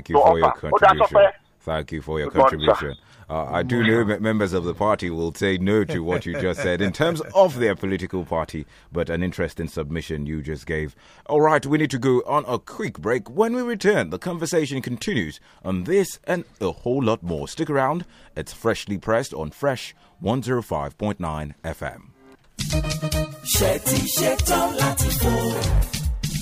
Thank you for your contribution. Thank you for your contribution. Uh, I do know members of the party will say no to what you just said in terms of their political party, but an interesting submission you just gave. All right, we need to go on a quick break. When we return, the conversation continues on this and a whole lot more. Stick around, it's freshly pressed on Fresh 105.9 FM.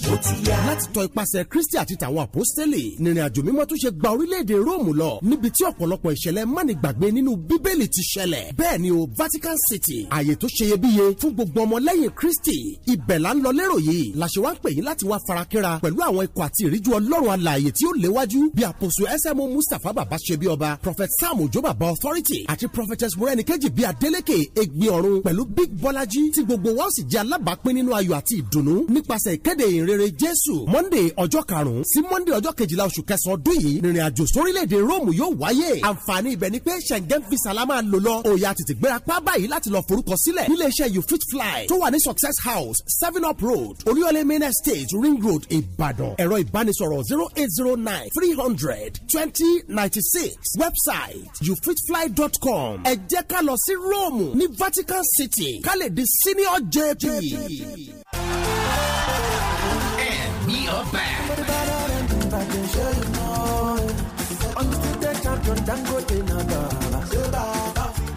ó ti yá. láti tọ ipasẹ̀ kristi àti tàwọn àpọ́sítélì nìrìn àjò mímọ́ tó ṣe gba orílẹ̀-èdè róòmù lọ níbi tí ọ̀pọ̀lọpọ̀ ìṣẹ̀lẹ̀ mánigbàgbé nínú bíbélì ti ṣẹlẹ̀ bẹ́ẹ̀ ni o vatican city àyè tó ṣeyebíye fún gbogbo ọmọlẹ́yìn kristi ibẹ̀ là ń lọ lérò yìí làṣẹ wa ń pè yín láti wá farakínra pẹ̀lú àwọn ikọ̀ àti ìríjú ọlọ́run alààyè tí ó léwájú bí àpòsù smo mustapha baba ṣe bí ọba prophet sam ojo baba authority àti prophetess morenikeji bí adeleke egbe ọ̀run pẹ̀lú big bọ́lájí tí gbogbo wa ó sì jẹ́ alábàápín nínú ayọ̀ àti ìdùnnú nípasẹ̀ ìkéde ìrìn ìrere jésù monday ọjọ́ karùn-ún sí monday ọjọ́ kejìlá oṣù kẹsàn-án ọdún yìí nìrìn àjò sórílẹ̀-èdè rome yóò wáyé àǹfààní ibẹ̀ ni pé schengen visa la máa lò lọ òòyà tètè gbéra pa báyìí láti lọ forúkọ sílẹ̀ níléeṣẹ́ you fit fly tó wà ní success house seven up road olúyọlé main estate ring road ìbàdàn ẹ̀rọ ìbánisọ̀rọ̀ zero eight zero nine three hundred twenty ninety six website youfitfly.com ẹ jẹ́ ká lọ sí rome ní vatican city ká lè di senior JP. the back. the champion, Dangote.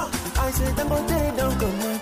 I say Dangote don't come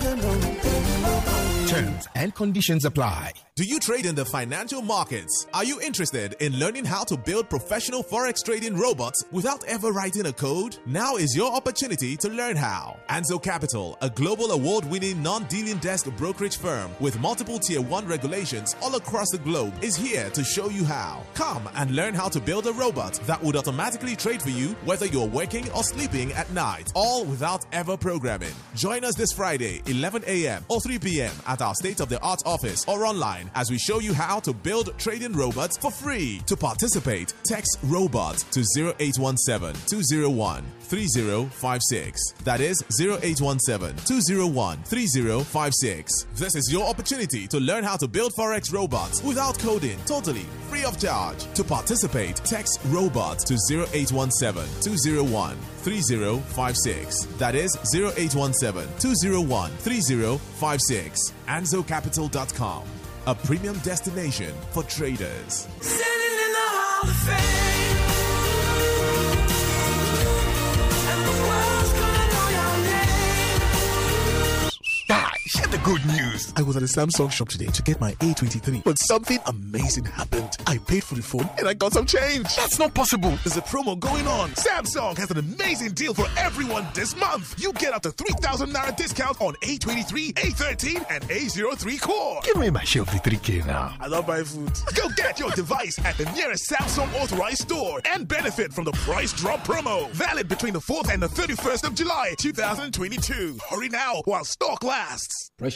Terms and conditions apply. Do you trade in the financial markets? Are you interested in learning how to build professional forex trading robots without ever writing a code? Now is your opportunity to learn how. Anzo Capital, a global award winning non dealing desk brokerage firm with multiple tier 1 regulations all across the globe, is here to show you how. Come and learn how to build a robot that would automatically trade for you whether you're working or sleeping at night, all without ever programming. Join us this Friday, 11 a.m. or 3 p.m. at at our state of the art office or online as we show you how to build trading robots for free. To participate, text robot to 0817 201 3056. That is 0817 201 3056. This is your opportunity to learn how to build Forex robots without coding, totally free of charge. To participate, text robot to 0817 201 3056. That is 0817 201 3056. AnzoCapital.com, a premium destination for traders. good news. I was at a Samsung shop today to get my A23, but something amazing happened. I paid for the phone and I got some change. That's not possible. There's a promo going on. Samsung has an amazing deal for everyone this month. You get up to 3,000 naira discount on A23, A13, and A03 core. Give me my shelf the 3K now. I love my food. Go get your device at the nearest Samsung authorized store and benefit from the price drop promo. Valid between the 4th and the 31st of July, 2022. Hurry now while stock lasts. Pressure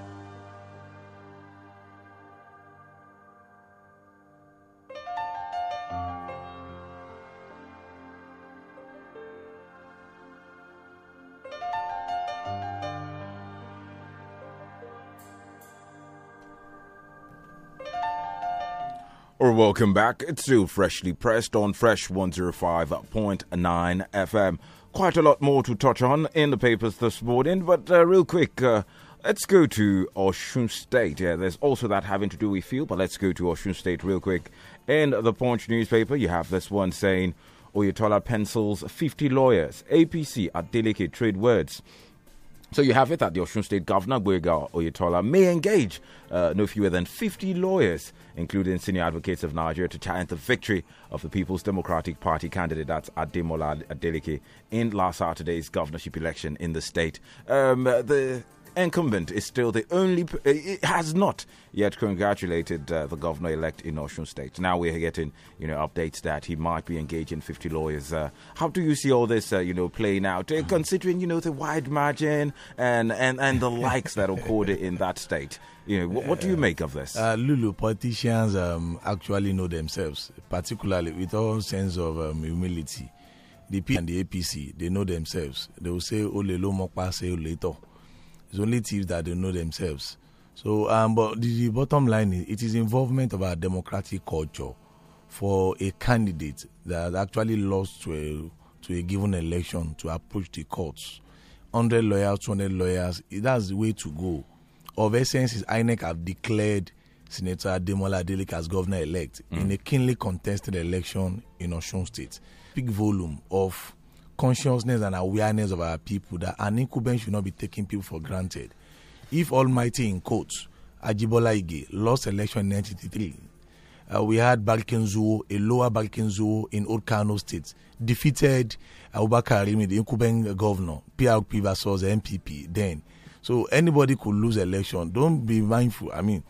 Or welcome back to Freshly Pressed on Fresh 105.9 FM. Quite a lot more to touch on in the papers this morning, but uh, real quick, uh, let's go to Oshun State. Yeah, there's also that having to do with fuel, but let's go to Oshun State real quick. In the Punch newspaper, you have this one saying, Oyetola pencils 50 lawyers, APC at delicate trade words. So you have it that the Osun State Governor, Boyega Oyetola, may engage uh, no fewer than 50 lawyers, including senior advocates of Nigeria, to challenge the victory of the People's Democratic Party candidate, that's Ademola Adeleke, in last Saturday's governorship election in the state. Um, the incumbent is still the only. Eh, it has not yet congratulated uh, the governor elect in Osun State. Now we're getting you know updates that he might be engaging 50 lawyers. Uh, how do you see all this uh, you know playing out, eh, mm-hmm. considering you know the wide margin and and and the likes that occurred in that state? You know, what, what do you make of this? Uh, Lulu, politicians um, actually know themselves, particularly with all sense of um, humility. The P and the APC, they know themselves. They will say, Ole lo mokpa, say ole it's only thieves that they know themselves. So, um, but the, the bottom line is it is involvement of our democratic culture for a candidate that actually lost to a, to a given election to approach the courts. 100 lawyers, 200 lawyers, that's the way to go. Of essence, is INEC have declared Senator Demola Adelik as governor elect mm. in a keenly contested election in Osun State. Big volume of consciousness and awareness of our people that an incumbent should not be taking people for granted. If Almighty, in quotes, Ajibola Ige lost election in 1983, uh, we had Balkenzuo, a lower Balkenzuo in Old Kano State, defeated Abubakar Arimi, the incumbent governor, PRP versus MPP then. So anybody could lose election. Don't be mindful. I mean,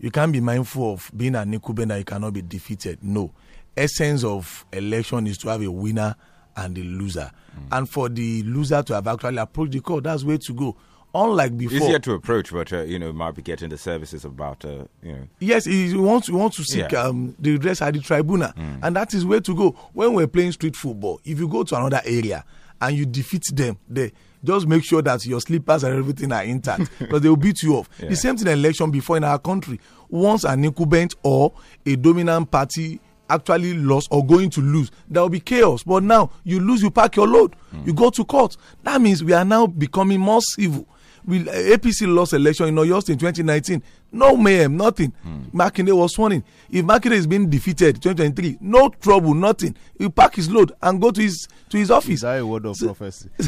you can't be mindful of being an incumbent that you cannot be defeated. No. Essence of election is to have a winner and the loser. Mm. And for the loser to have actually approached the court, that's way to go. Unlike before, easier to approach, but uh, you know, might be getting the services about uh, you know. Yes, you want want to seek yeah. um, the redress at the tribunal, mm. and that is where to go. When we're playing street football, if you go to another area and you defeat them there, just make sure that your slippers and everything are intact because they will beat you off. Yeah. The same thing election before in our country. Once an incumbent or a dominant party actually lost or going to lose there will be chaos but now you lose you pack your load mm. you go to court that means we are now becoming more civil we apc lost election in August in 2019 no mayhem nothing mm. makinde was sworn in if makinde is being defeated 2023 no trouble nothing he pack his load and go to his to his office is that a word of so, prophecy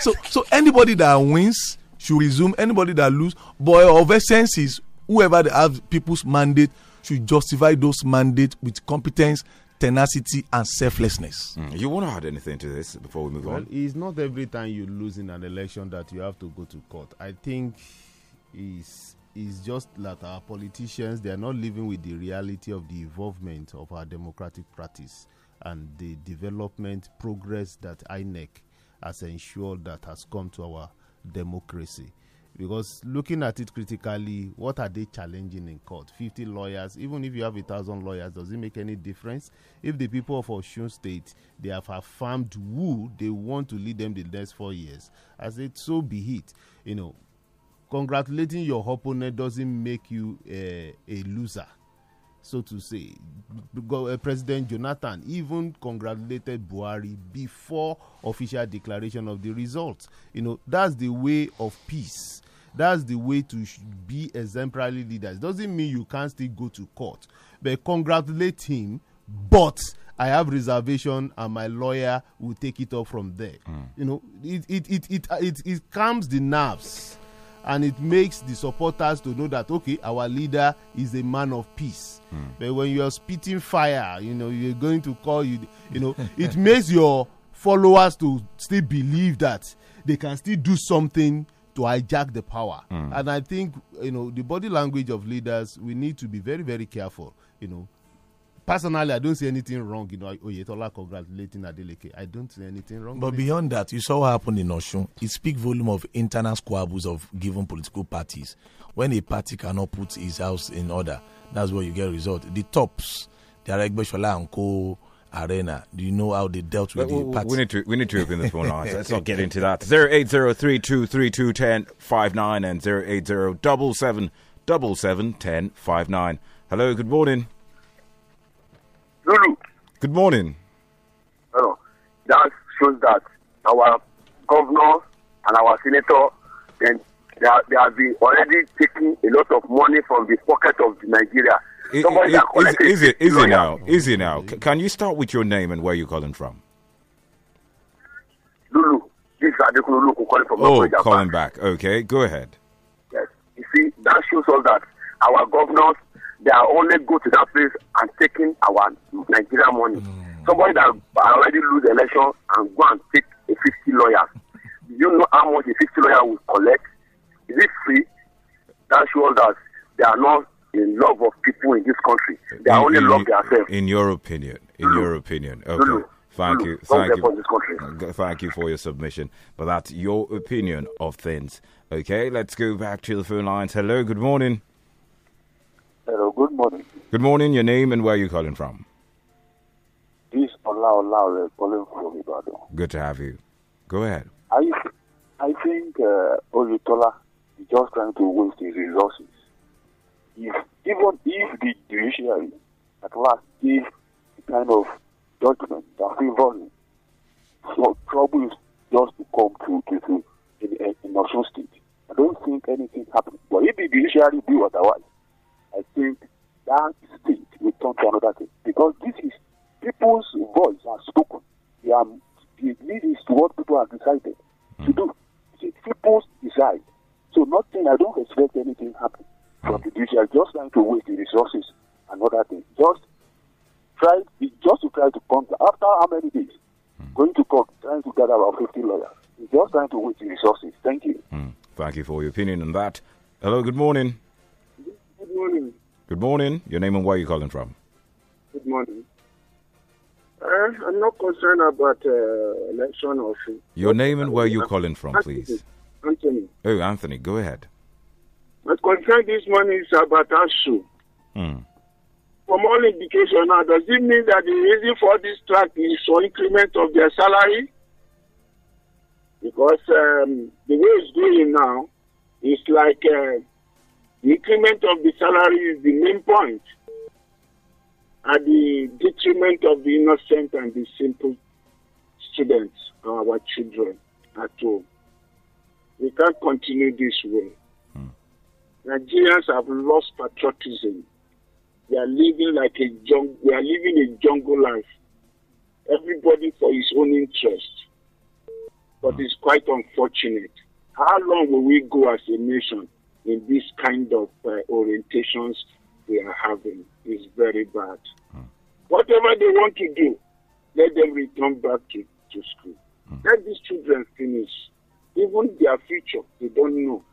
so so anybody that wins should resume anybody that lose but of essence is whoever they have people's mandate should justify those mandates with competence, tenacity, and selflessness. Mm. You want to add anything to this before we move well, on? It's not every time you lose in an election that you have to go to court. I think is is just that our politicians they are not living with the reality of the involvement of our democratic practice and the development progress that INEC has ensured that has come to our democracy because looking at it critically what are they challenging in court 50 lawyers even if you have a thousand lawyers does it make any difference if the people of Oshun state they have affirmed who they want to lead them the next four years i said so be it you know congratulating your opponent doesn't make you uh, a loser so to say. Eh, President Jonathan even congratulated Buhari before official declaration of the results. You know, that's the way of peace. That's the way to be exemplary leaders. Doesn't mean you can't still go to court, but congratulate him. But I have reservation, and my lawyer will take it up from there. Mm. You know, it it, it it it it calms the nerves and it makes the supporters to know that okay our leader is a man of peace mm. but when you're spitting fire you know you're going to call you you know it makes your followers to still believe that they can still do something to hijack the power mm. and i think you know the body language of leaders we need to be very very careful you know personally, I don't see anything wrong. You know, Oyetola congratulating Adeleke. I don't see anything wrong. But beyond it. that, you saw what happened in Oshun. It speaks volume of internal squabbles of given political parties. When a party cannot put his house in order, that's where you get result. The tops, the Aregbeshola and Co. Arena. Do you know how they dealt with well, the party? We need to we need to open the phone lines. Let's not get into that. Zero eight zero three two three two ten five nine and zero eight zero double seven double seven ten five nine. Hello, good morning. Lulu. Good morning. Hello. That shows that our governor and our senator, then they, are, they have been already taking a lot of money from the pocket of Nigeria. Somebody it, is, it now? Is it now? C- can you start with your name and where you're calling from? Lulu. This is Lulu calling from Oh, calling back. Okay, go ahead. Yes. You see, that shows us that our governors they are only go to that place and taking our Nigerian money. Mm. Somebody that already lose election and go and take a 50 lawyers. you know how much a 50 lawyer will collect? Is it free? That shows that they are not in love of people in this country. They are in, only in, love themselves. In your opinion, in Lulu. your opinion, okay. Lulu. Thank you, thank you, thank you for your submission. But that's your opinion of things. Okay, let's go back to the phone lines. Hello, good morning morning. Good morning. Your name and where you calling from? This Ola Ola calling from Ibadan. Good to have you. Go ahead. I I think uh, Olutola is just trying to waste his resources. If even if the judiciary at last give the kind of judgment that favors so trouble is just to come to to, to in, in Osun State. I don't think anything happened. But if the judiciary do otherwise, I think that state will turn to another thing because this is people's voice are spoken. They are, the need is what people have decided to hmm. do. It's people's decide. So nothing. I don't expect anything happen from hmm. the judicial. Just trying to waste the resources and other things. Just try just to try to come after how many days hmm. going to court trying to gather about 50 lawyers. Just trying to waste the resources. Thank you. Thank you for your opinion on that. Hello. Good morning. Good morning. Good morning. Your name and where you calling from? Good morning. Uh, I'm not concerned about uh, election or. Your name and where you calling from, please? Anthony. Oh, Anthony, go ahead. My concern this morning is about ASU. Hmm. From all indication now, does it mean that the reason for this strike is for increment of their salary? Because um, the way it's going now, it's like. Uh, Increment of the salary is the main point at the detriment of the innocent and the simple students, our children at home. We can't continue this way. Hmm. Nigerians have lost patriotism. They are living like a jungle. We are living a jungle life. Everybody for his own interest. But hmm. it's quite unfortunate. How long will we go as a nation in this kind of uh, orientations we are having is very bad. Mm. Whatever they want to do, let them return back to, to school. Mm. Let these children finish. Even their future, they don't know.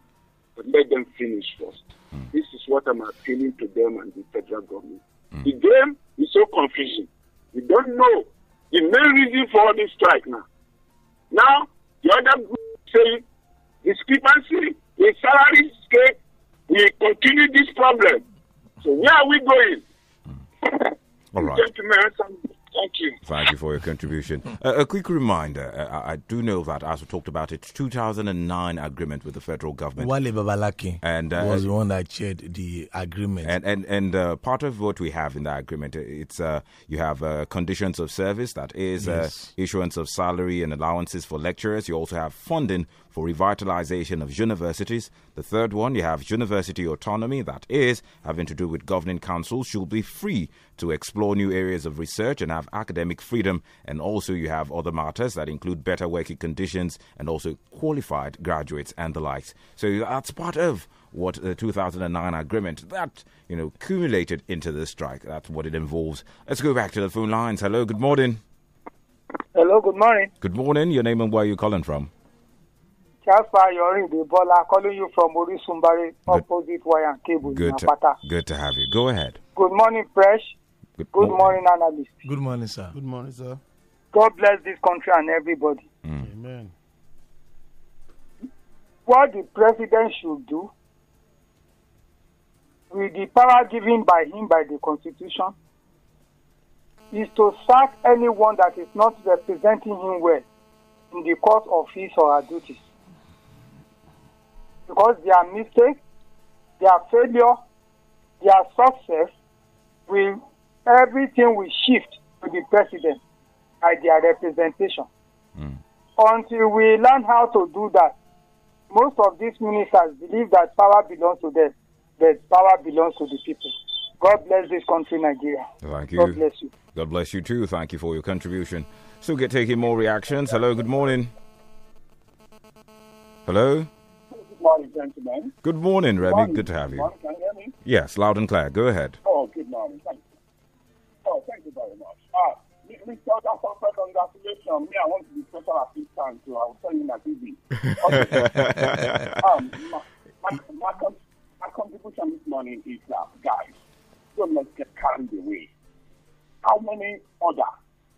But let them finish first. Mm. This is what I'm appealing to them and the federal government. Hmm. The game is so confusing. We don't know the main reason for all this strike now. Now, the other group say discrepancy in salary scale We continue this problem. So where are we going? All right. Thank you. Thank you for your contribution. uh, a quick reminder uh, I do know that, as we talked about it, 2009 agreement with the federal government. Wale Babalaki and, uh, was the one that chaired the agreement. And and, and uh, part of what we have in that agreement, uh, it's uh, you have conditions of service, that is yes. issuance of salary and allowances for lecturers. You also have funding for revitalization of universities. The third one, you have university autonomy, that is, having to do with governing councils should be free to explore new areas of research and have academic freedom. And also, you have other matters that include better working conditions and also qualified graduates and the likes. So that's part of what the 2009 agreement that you know accumulated into this strike. That's what it involves. Let's go back to the phone lines. Hello, good morning. Hello, good morning. Good morning. Your name and where are you calling from? Jasper I'm calling you from Orisumbari, opposite wire and cable. Good, to, good to have you. Go ahead. Good morning, Fresh. Good, good morning. morning, analyst. Good morning, sir. Good morning, sir. God bless this country and everybody. Mm. Amen. What the president should do with the power given by him by the constitution is to sack anyone that is not representing him well in the course of his or her duties because their mistakes, their failure, their success will everything will shift to the president by their representation. Mm. Until we learn how to do that, most of these ministers believe that power belongs to them, but power belongs to the people. God bless this country, Nigeria. Thank you. God bless you. God bless you too. Thank you for your contribution. Still get taking more reactions. Hello, good morning. Hello? morning, gentlemen. Good morning, Remy. Good, morning. Good to have you. Morning. Can you hear me? Yes, loud and clear. Go ahead. Oh, good morning. Thank you. Oh, thank you very much. Uh, Mr. Odasope, congratulations. Me, I want to be special assistant, so I'll tell you my TV. Okay. um, my, my, my, my contribution this morning is that, guys, don't let's get carried away. How many other,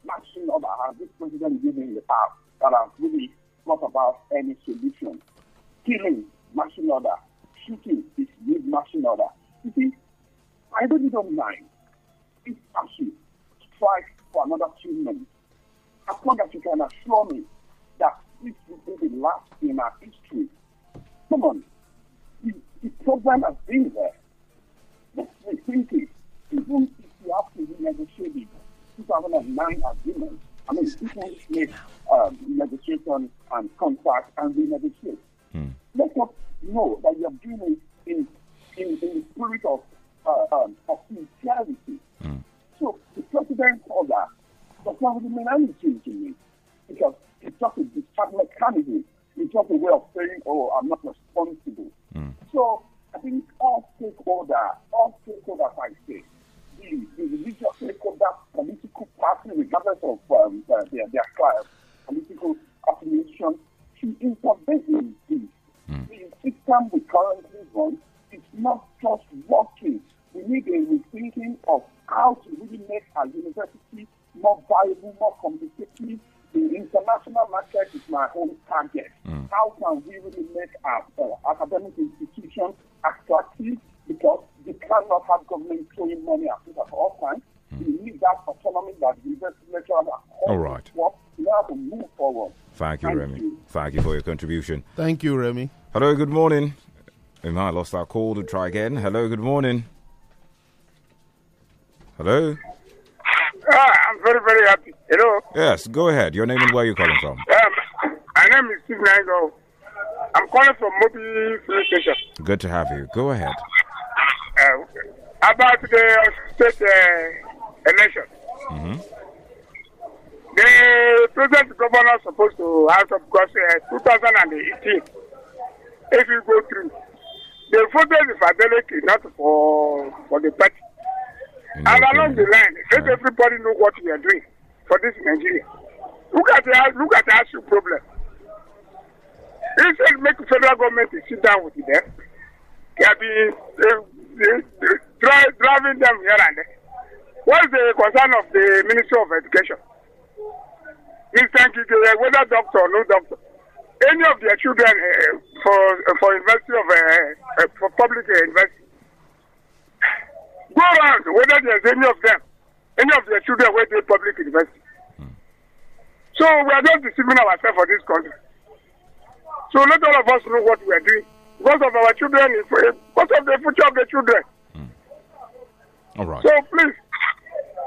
matching other, has this president given in the past that has really thought about any solution? Killing marching order. Shooting is mid marching order. You see, I don't even mind if actually strikes for another two minutes, as long as you can assure me that this will be the last in our history. Come on, the, the program has been there. Let's rethink it. Even if you have to renegotiate the 2009 agreement, I mean, people make um, negotiation and contract and renegotiate. Hmm. Let us know that you are doing it in, in, in the spirit of, uh, um, of sincerity. Hmm. So the president order does not really mean anything to me because it's just a distraction mechanism. It's just a way of saying, oh, I'm not responsible. Hmm. So I think all stakeholders, all stakeholders, I say, the, the religious stakeholders, political party, regardless of um, uh, their, their class, uh, political affiliation, to intervene in this. Mm. The system we currently run is not just working. We need a rethinking of how to really make our university more viable, more competitive. The international market is my own target. Mm. How can we really make our uh, academic institutions attractive? Because we cannot have government throwing money at us at all times. Mm. We need that autonomy that the university All right. We have to move forward. Thank you, Thank Remy. You. Thank you for your contribution. Thank you, Remy. Hello, good morning. We might have lost our call to try again. Hello, good morning. Hello. Uh, I'm very, very happy. Hello. Yes, go ahead. Your name and where you're calling from. Um, my name is Steve Nango. I'm calling from Mobi Police Station. Good to have you. Go ahead. Uh, about the state uh, election. Mm-hmm. The present governor supposed to have some because uh, 2018, if you go through, they voted the fidelity not for for the party. Mm-hmm. And along the line, let right. everybody know what we are doing for this Nigeria. Look at the look at the actual problem. Instead, make federal government sit down with them. They have been uh, driving them here and there. What is the concern of the Ministry of Education? Mr. Kike, uh, whether doctor or no doctor, any of their children uh, for uh, for University of uh, uh, for public investment. Uh, university, go around whether there's any of them, any of their children where they public university. So we are just deceiving ourselves for this country. So let all of us know what we are doing because of our children, because of the future of the children. Mm. All right. So please.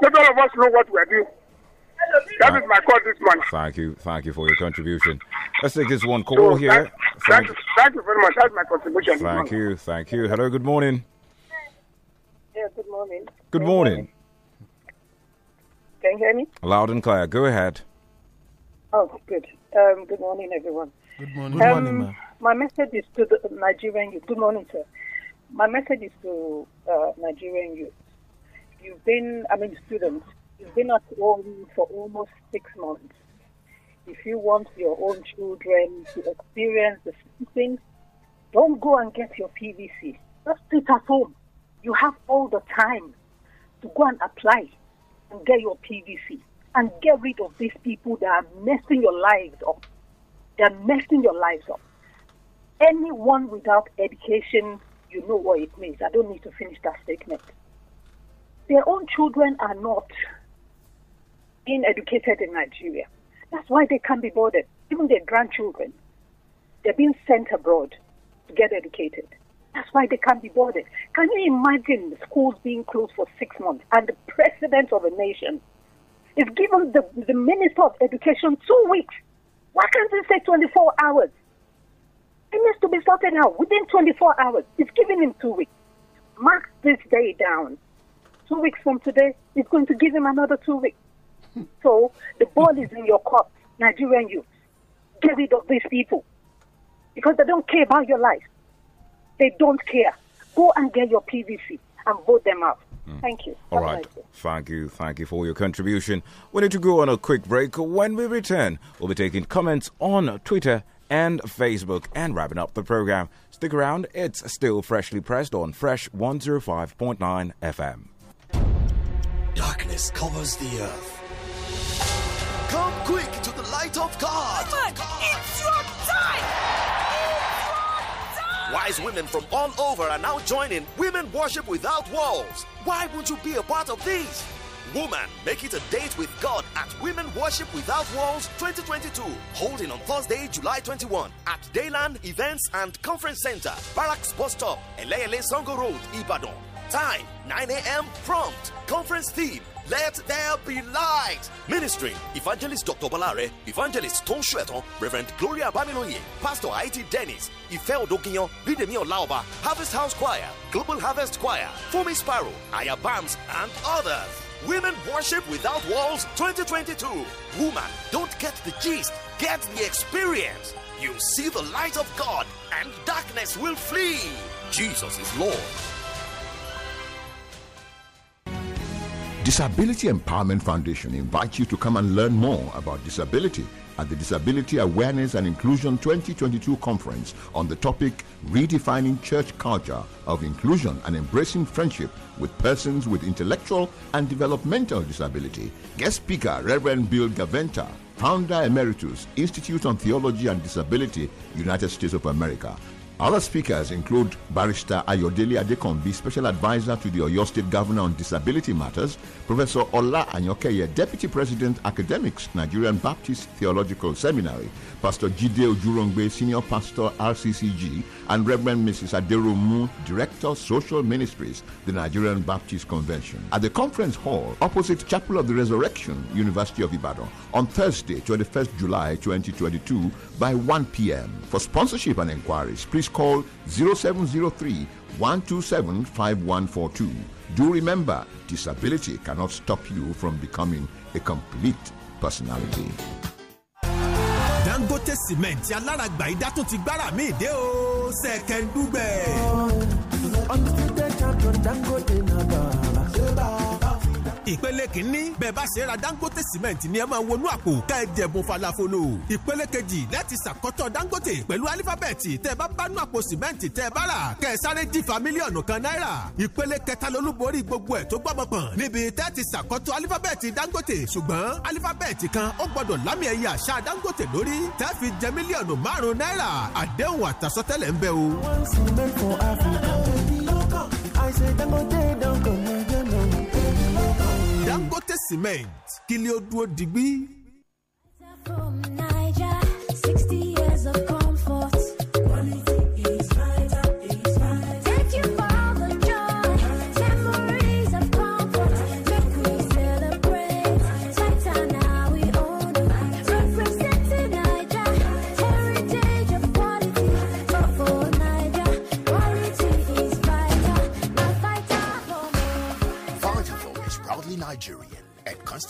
Let all of us know what we are doing. That is my call this morning. Thank you. Thank you for your contribution. Let's take this one call so, here. Thank, thank, you, thank you very much. That's my contribution. Thank you. Thank you. Hello. Good morning. Yeah, good morning. Good morning. Can you hear me? Loud and clear. Go ahead. Oh, good. Um, good morning, everyone. Good morning. Um, good um, my message is to the Nigerian youth. Good morning, sir. My message is to uh, Nigerian youth you've been, I mean, students, you've been at home for almost six months. If you want your own children to experience the same thing, don't go and get your PVC. Just sit at home. You have all the time to go and apply and get your PVC and get rid of these people that are messing your lives up. They are messing your lives up. Anyone without education, you know what it means. I don't need to finish that statement their own children are not being educated in Nigeria. That's why they can't be bothered. Even their grandchildren, they're being sent abroad to get educated. That's why they can't be bothered. Can you imagine schools being closed for six months and the president of a nation is given the, the minister of education two weeks? Why can't he say 24 hours? It needs to be sorted out within 24 hours. It's giving him two weeks. Mark this day down two weeks from today, he's going to give him another two weeks. so the ball is in your court, Nigerian youth. Get rid of these people because they don't care about your life. They don't care. Go and get your PVC and vote them out. Hmm. Thank you. All right. Thank you. Thank you for your contribution. We need to go on a quick break. When we return, we'll be taking comments on Twitter and Facebook and wrapping up the program. Stick around. It's still freshly pressed on Fresh 105.9 FM. Darkness covers the earth. Come quick to the light of God! God. It's, your time! Wise women from all over are now joining Women Worship Without Walls. Why won't you be a part of this? Woman, make it a date with God at Women Worship Without Walls 2022, holding on Thursday, July 21 at Dayland Events and Conference Center, Barracks Bus Stop, Elele Songo Road, Ibadan. Time 9 a.m. Prompt. Conference theme Let There Be Light. Ministry Evangelist Dr. Balare, Evangelist Tom Shueto, Reverend Gloria Bamiloye, Pastor Haiti Dennis, Ife Odokinyo, Bidemi Laoba, Harvest House Choir, Global Harvest Choir, Fumi Sparrow, Aya Bams, and others. Women Worship Without Walls 2022. Woman, don't get the gist, get the experience. you see the light of God, and darkness will flee. Jesus is Lord. Disability Empowerment Foundation invites you to come and learn more about disability at the Disability Awareness and Inclusion 2022 conference on the topic Redefining Church Culture of Inclusion and Embracing Friendship with Persons with Intellectual and Developmental Disability. Guest speaker Reverend Bill Gaventa, founder emeritus, Institute on Theology and Disability, United States of America. Other speakers include Barrister Ayodele Adekombi, Special Advisor to the Oyo State Governor on Disability Matters, Professor Ola Anyokeye, Deputy President Academics, Nigerian Baptist Theological Seminary, Pastor Jide Ojurongbe, Senior Pastor RCCG, and Reverend Mrs. Aderomu, Director Social Ministries, the Nigerian Baptist Convention. At the conference hall opposite Chapel of the Resurrection, University of Ibadan, on Thursday, 21st July 2022 by 1 p.m. For sponsorship and inquiries, please call 0703 127 5142. Do remember, disability cannot stop you from becoming a complete personality. Dangote Cement aláràgbà ti gbára mi dé o champion Dangote ìpele kìíní bẹ́ẹ̀ bá ṣe ra dangote cement ni ẹ máa wọnú àpò ká ẹ jẹ̀bùn falafolo ìpele kejì láti ṣàkọ́tọ̀ dangote pẹ̀lú alifábẹ́ẹ̀tì tẹ́ bá bánú àpò cement tẹ́ bá rà kẹ́ ẹ sáré jìfà mílíọ̀nù kan náírà ìpele kẹta lolúborí gbogbo ẹ̀ tó gbọ́mọpọ̀n níbi tẹ́ ti ṣàkọ́tọ̀ alifábẹ́ẹ̀tì dangote ṣùgbọ́n alifábẹ́ẹ̀tì kan ó gbọ́dọ̀ lámì ẹ̀yẹ àṣà dangote lórí tẹ́ fi jẹ mílíọ̀nù márùn náírà àdéhùn àtàsọtẹ́lẹ̀ ń bẹ o. once you for Africa, I say dangote forte cement kí lè ó dúró digbí.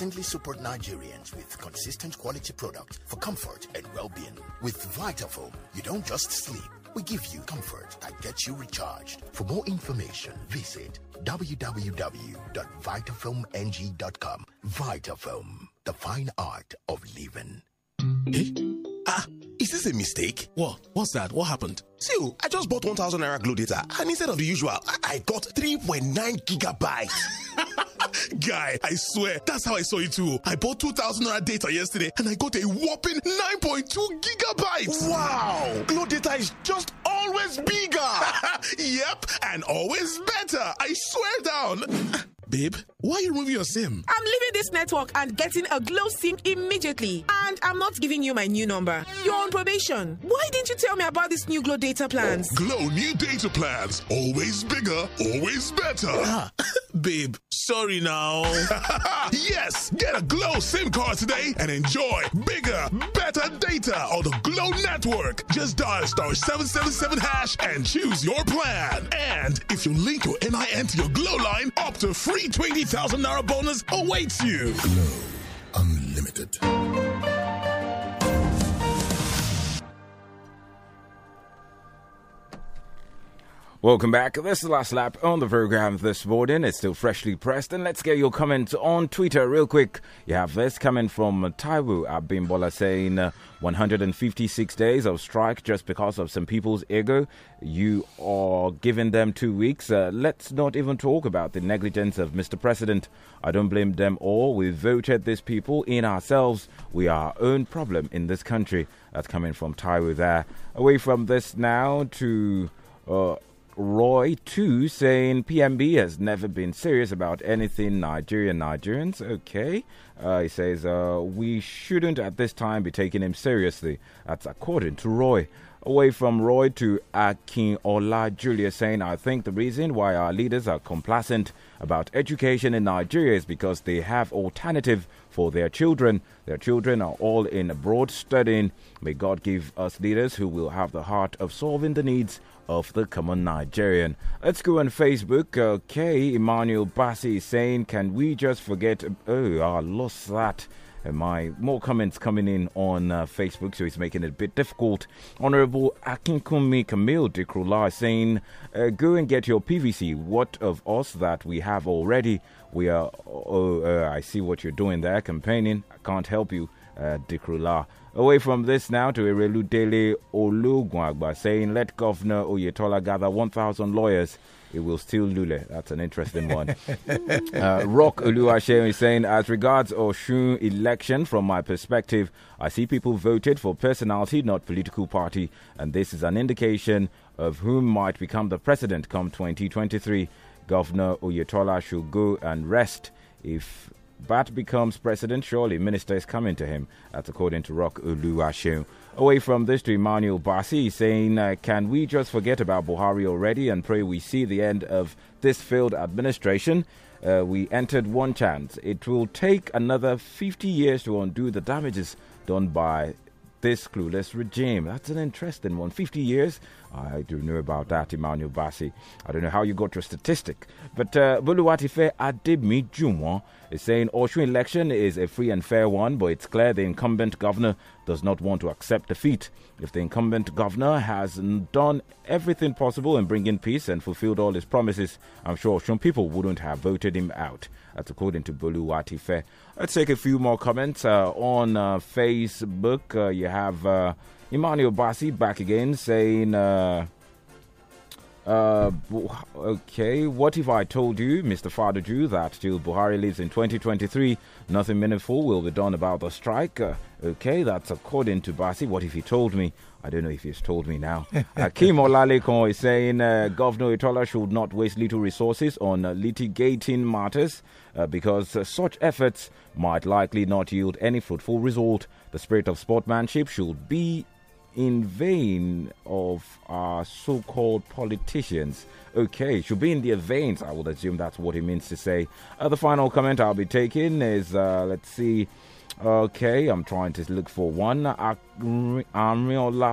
consistently support Nigerians with consistent quality products for comfort and well-being. With Vitafilm, you don't just sleep. We give you comfort that gets you recharged. For more information, visit www.vitafilmng.com. Vitafilm, the fine art of living. Hey? Eh? Ah, is this a mistake? What? What's that? What happened? See, oh, I just bought 1000 Naira Glow data, and instead of the usual, I got 3.9 gigabytes. Guy, I swear, that's how I saw it too. I bought 2000 Naira data yesterday, and I got a whopping 9.2 gigabytes. Wow! Glow data is just always bigger. yep, and always better. I swear down. Babe, why are you removing your SIM? I'm leaving this network and getting a Glow SIM immediately. And I'm not giving you my new number. You're on probation. Why didn't you tell me about this new Glow data? data plans. Glow new data plans. Always bigger, always better. Ah, babe, sorry now. yes, get a Glow SIM card today and enjoy bigger, better data on the Glow network. Just dial star 777 hash and choose your plan. And if you link your NIN to your Glow line, up to free 20,000 Naira bonus awaits you. Glow Unlimited. Welcome back. This is the last lap on the program this morning. It's still freshly pressed, and let's get your comments on Twitter real quick. You have this coming from Taiwu Abimbola saying, uh, 156 days of strike just because of some people's ego. You are giving them two weeks. Uh, let's not even talk about the negligence of Mr. President. I don't blame them all. We voted these people in ourselves. We are our own problem in this country. That's coming from Taiwu there. Away from this now to. Uh, Roy too saying PMB has never been serious about anything Nigerian Nigerians. Okay. Uh, he says uh, we shouldn't at this time be taking him seriously. That's according to Roy. Away from Roy to Akin Ola Julia saying, I think the reason why our leaders are complacent about education in Nigeria is because they have alternative for their children. Their children are all in abroad studying. May God give us leaders who will have the heart of solving the needs of the common Nigerian. Let's go on Facebook. Okay, Emmanuel Bassi is saying, Can we just forget? Oh, I lost that. And uh, my more comments coming in on uh, Facebook, so it's making it a bit difficult. Honorable Akinkumi Camille Dikrula saying, uh, "Go and get your PVC. What of us that we have already? We are. Oh, uh, I see what you're doing there, campaigning. I can't help you, uh, Dikrula." Away from this now to Ireludele Olugwagba saying, let Governor Oyetola gather 1,000 lawyers. It will still lule. That's an interesting one. uh, Rock Oluwashe is saying, as regards Oshun election, from my perspective, I see people voted for personality, not political party, and this is an indication of whom might become the president come 2023. Governor Oyetola should go and rest if Bat becomes president, surely minister is coming to him. That's according to Rock Uluwashun. Away from this to Emmanuel Basi saying, uh, Can we just forget about Buhari already and pray we see the end of this failed administration? Uh, we entered one chance. It will take another 50 years to undo the damages done by this clueless regime. That's an interesting one. 50 years I do know about that, Emmanuel Bassi. I don't know how you got your statistic. But uh, Buluwatife Adibmi Jumwa is saying Oshun election is a free and fair one, but it's clear the incumbent governor does not want to accept defeat. If the incumbent governor has done everything possible in bringing peace and fulfilled all his promises, I'm sure Oshun people wouldn't have voted him out. That's according to Buluwatife. Let's take a few more comments uh, on uh, Facebook. Uh, you have... Uh, Emmanuel Bossi back again saying, uh, uh, okay, what if I told you, Mr. Fadoju, that till Buhari leaves in 2023, nothing meaningful will be done about the strike? Uh, okay, that's according to Basi. What if he told me? I don't know if he's told me now. Akim Olalekon is saying uh, Governor Itola should not waste little resources on uh, litigating matters uh, because uh, such efforts might likely not yield any fruitful result. The spirit of sportsmanship should be in vain of our so called politicians. Okay, should be in their veins. I would assume that's what he means to say. Uh, the final comment I'll be taking is uh, let's see. Okay, I'm trying to look for one. Amriola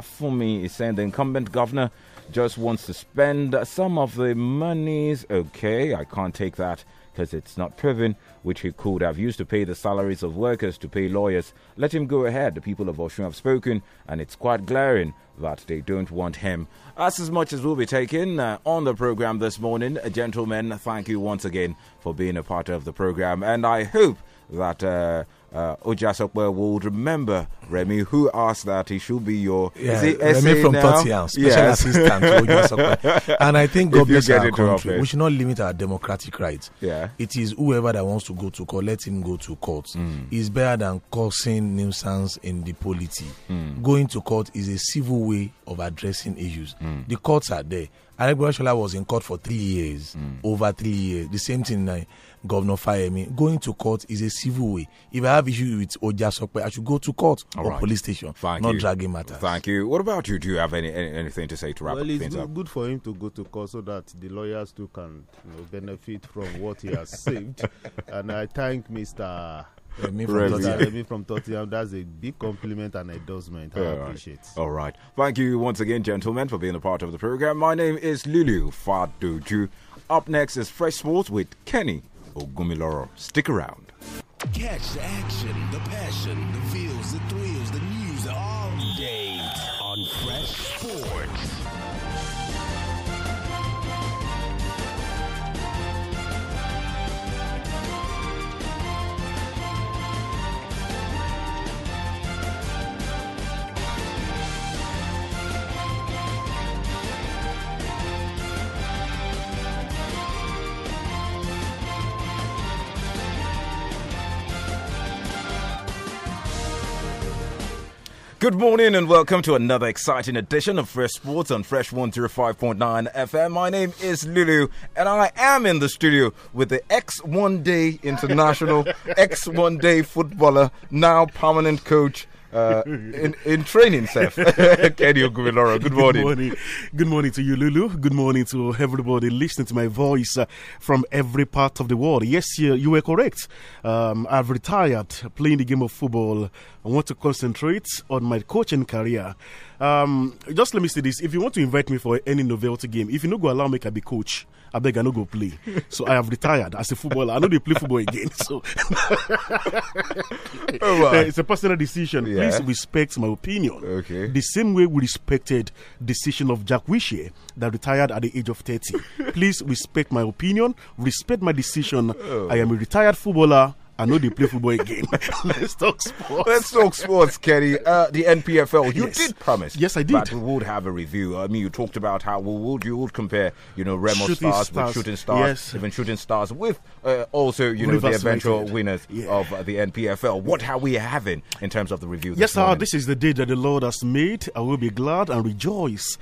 Fumi is saying the incumbent governor just wants to spend some of the monies. Okay, I can't take that because it's not proven, which he could have used to pay the salaries of workers to pay lawyers. Let him go ahead. The people of Oshun have spoken, and it's quite glaring that they don't want him. That's as much as we'll be taking uh, on the program this morning. Uh, gentlemen, thank you once again for being a part of the program, and I hope that. Uh, uh, Ojasope will remember Remy, who asked that he should be your yeah, Remy from Totia, special yes. assistant And I think God bless our country. We should not limit our democratic rights. Yeah, it is whoever that wants to go to court, let him go to court. Mm. It's better than causing nuisance in the polity. Mm. Going to court is a civil way of addressing issues. Mm. The courts are there. Aregbereshola was in court for three years, hmm. over three years. The same thing. Now. Governor Fayemi, going to court is a civil way. If I have issue with Ojasope, I should go to court All or right. police station, Thank not you. dragging matters. Thank you. What about you? Do you have any, any anything to say to wrap well, things good, good for him to go to court so that the lawyers too can you know, benefit from what he has saved. And I thank Mr. Remy from, Remy from Tottenham. That's a big compliment and endorsement. I appreciate it. All right. Thank you once again, gentlemen, for being a part of the program. My name is Lulu Faduju. Up next is Fresh Sports with Kenny Ogumiloro. Stick around. Catch the action, the passion, the feels, the thrills, the news all day on Fresh Sports. Good morning and welcome to another exciting edition of Fresh Sports on Fresh 105.9 FM. My name is Lulu and I am in the studio with the X one day international, X one day footballer, now permanent coach uh, in, in training, Seth. Kenny Ogumiloro, good morning. Good morning. Good morning to you, Lulu. Good morning to everybody listening to my voice uh, from every part of the world. Yes, you, you were correct. Um, I've retired playing the game of football. I want to concentrate on my coaching career. Um, just let me say this. If you want to invite me for any novelty game, if you no go allow me, I be coach. I beg, I no go play. So I have retired as a footballer. I know they play football again. So oh, wow. Eh, it's a personal decision. Yeah. Please respect my opinion. Okay. The same way we respected decision of Jack Wishier that retired at the age of 30. Please respect my opinion. Respect my decision. Oh. I am a retired footballer. I know they play football again. Let's talk sports. Let's talk sports, Kenny. Uh, the NPFL. You yes. did promise. Yes, I did. But we would have a review. I mean, you talked about how we would you would compare, you know, Remo shooting stars, stars, with shooting stars, yes. even shooting stars with uh, also, you know, the eventual winners yeah. of uh, the NPFL. What are we having in terms of the review? yes, sir. This is the day that the Lord has made. I will be glad and rejoice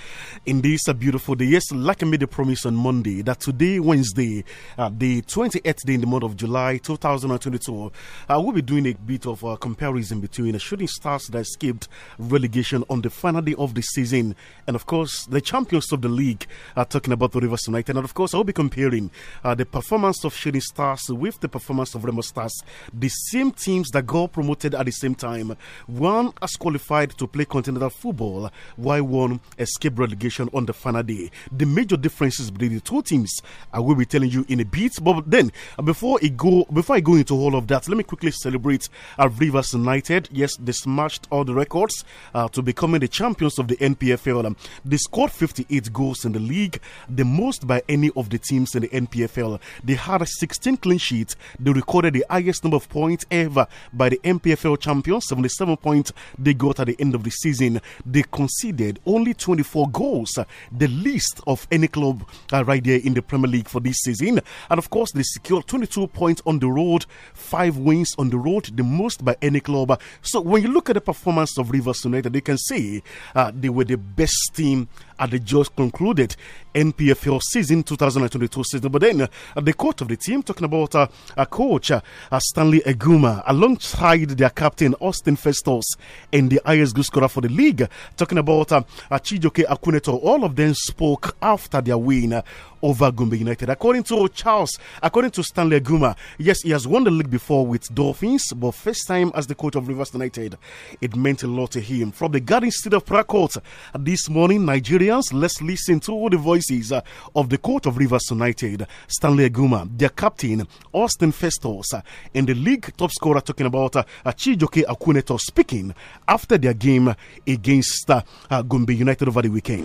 in this uh, beautiful day. Yes, like I made a promise on Monday that today, Wednesday, uh, the 28th day in the month of July, 2022 so uh, we'll be doing a bit of a uh, comparison between the shooting stars that escaped relegation on the final day of the season and, of course, the champions of the league, uh, talking about the Rivers United. And, of course, I'll be comparing uh, the performance of shooting stars with the performance of Remo Stars, the same teams that got promoted at the same time. One has qualified to play continental football, while one escaped relegation on the final day. The major differences between the two teams I will be telling you in a bit. But then, uh, before I go, before I go into all of that, let me quickly celebrate uh, Rivers United. Yes, they smashed all the records uh, to becoming the champions of the NPFL. Um, they scored 58 goals in the league, the most by any of the teams in the NPFL. They had 16 clean sheets. They recorded the highest number of points ever by the NPFL champions, 77 points they got at the end of the season. They conceded only 24 goals, uh, the least of any club uh, right there in the Premier League for this season. And of course, they secured 22 points on the road, five wins on the road, the most by any club. So when you look at the performance of Rivers United, they can say uh, they were the best team at the just concluded NPFL season 2022 season. But then uh, the coach of the team, talking about uh, uh, coach uh, Stanley Eguma, alongside their captain Austin Festos and the highest goal scorer for the league, talking about uh, uh Chijoke Akuneto, all of them spoke after their win over Gumbi United. According to Charles, according to Stanley Guma, yes, he has won the league before with Dolphins, but first time as the coach of Rivers United, it meant a lot to him. From the Garden State of Prakot uh, this morning, Nigeria Let's listen to the voices uh, of the court of Rivers United, Stanley Aguma, their captain, Austin Festos, uh, and the league top scorer, talking about uh, Chijoke Akuneto, speaking after their game against uh, uh United over the weekend.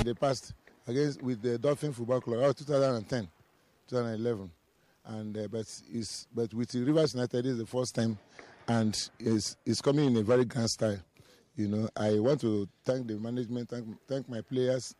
In the past, against with the Dolphin Football Club, that was 2010, 2011, and uh, but is but with Rivers United is the first time and it's coming in a very grand style. You know, I want to thank the management, thank, thank my players,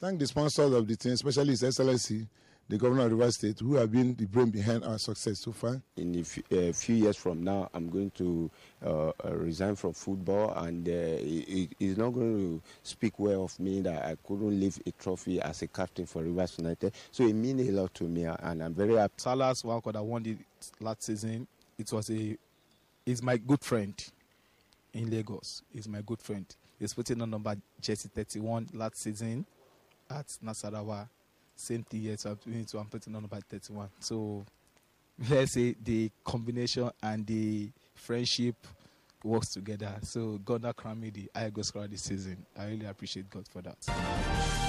thank the sponsors of the team, especially His Excellency, the Governor of River State, who have been the brain behind our success so far. In a few, years from now, I'm going to uh, uh resign from football, and uh, it, it's not going to speak well of me that I couldn't lift a trophy as a captain for River United. So it means a lot to me, and I'm very happy. Salah's Walcott that won it last season, it was a is my good friend in Lagos. Is my good friend. He's putting on number jersey 31 last season at Nasarawa. Same thing here, so I'm, so I'm putting on number 31. So let's say the combination and the friendship works together. So God not crown me the Iagos this season. I really appreciate God for that.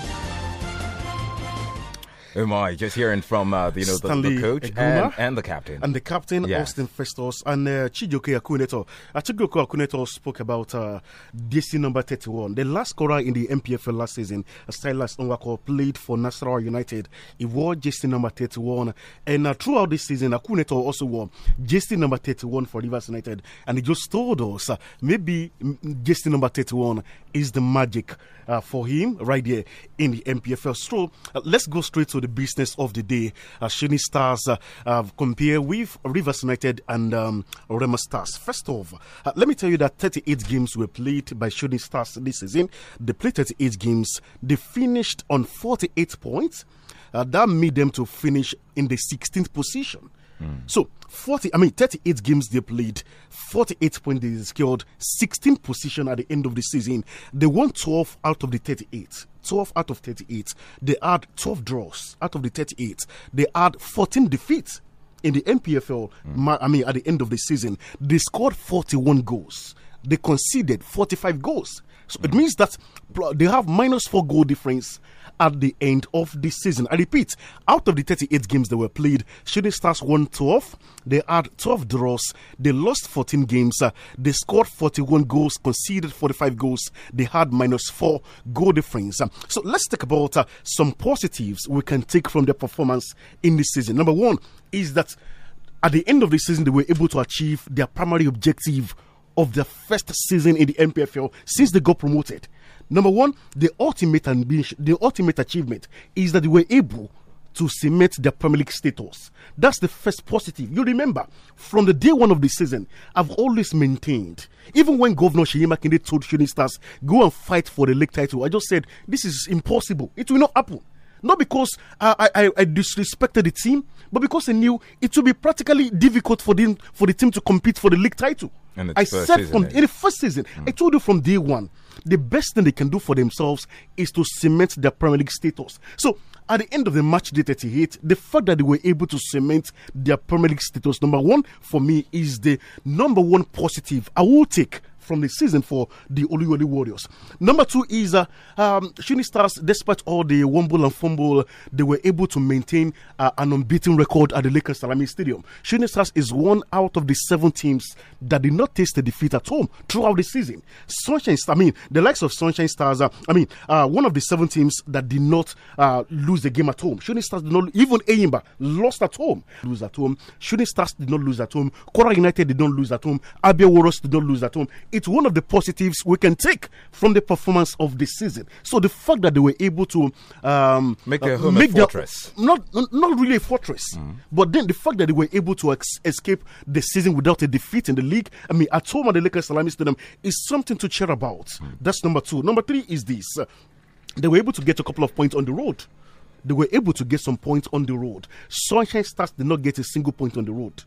Umai, Just hearing from uh, the, you know the, the coach and, and, the captain and the captain Austin Festos and uh, Chijoke Akuneto. Uh, Chijoke Akuneto spoke about uh, DC number thirty-one, the last scorer in the MPFL last season. Uh, Silas Nwako played for Nasarawa United. He wore jersey number thirty-one, and uh, throughout this season, Akuneto also wore jersey number thirty-one for Rivers United, and he just told us uh, maybe mm, jersey number thirty-one is the magic uh, for him right there in the MPFL. So uh, let's go straight to the business of the day. Uh, Shiny Stars uh, uh, compare with Rivers United and um, Rema Stars. First off, uh, let me tell you that 38 games were played by Shooting Stars this season. They played 38 games. They finished on 48 points. that made them to finish in the 16th position. Mm. So, 40, I mean, 38 games they played, 48 points they scored, 16 position at the end of the season. They won 12 out of the 38. 12 out of 38. They had 12 draws out of the 38. They had 14 defeats in the MPFL, mm. I mean, at the end of the season. They scored 41 goals. They conceded 45 goals. So mm. it hmm. means that they have minus four goal difference at the end of the season. I repeat, out of the 38 games that were played, Shooting Stars won 12. They had 12 draws. They lost 14 games. Uh, they scored 41 goals, conceded 45 goals. They had minus 4 goal difference. So let's talk about uh, some positives we can take from their performance in this season. Number one is that at the end of the season, they were able to achieve their primary objective of their first season in the MPFL since they got promoted. Number one, the ultimate ambition, the ultimate achievement is that they were able to cement their Premier League status. That's the first positive. You remember, from the day one of the season, I've always maintained, even when Governor Sheyi Kinde told Shooting go and fight for the league title, I just said, this is impossible. It will not happen. Not because I, I, I disrespected the team, but because I knew it would be practically difficult for them for the team to compete for the league title. I said season, from eh? in the first season, mm. I told you from day one the best thing they can do for themselves is to cement their Premier League status. So at the end of the match day 38, the fact that they were able to cement their Premier League status, number one for me, is the number one positive I will take from the season for the Oluyole Warriors. Number two is uh, um, Shini Stars, despite all the wumble and fumble, they were able to maintain uh, an unbeaten record at the Lakers Salami Stadium. Shooting Stars is one out of the seven teams that did not taste a defeat at home throughout the season. Sunshine, I mean, the likes of Sunshine Stars, uh, I mean, uh, one of the seven teams that did not uh, lose the game at home. Shooting Stars did not, even Eyimba lost at home, lose at home. Shooting Stars did not lose at home. Kora United did not lose at home. Abia Warriors did not lose at home it's one of the positives we can take from the performance of this season. So the fact that they were able to um, make their uh, home make a fortress, their, not not really a fortress, mm. but then the fact that they were able to ex- escape the season without a defeat in the league. I mean, at home at the Lakers Salami Stadium is something to cheer about. Mm. That's number two. Number three is this: uh, they were able to get a couple of points on the road they were able to get some points on the road. Sunshine Stars did not get a single point on the road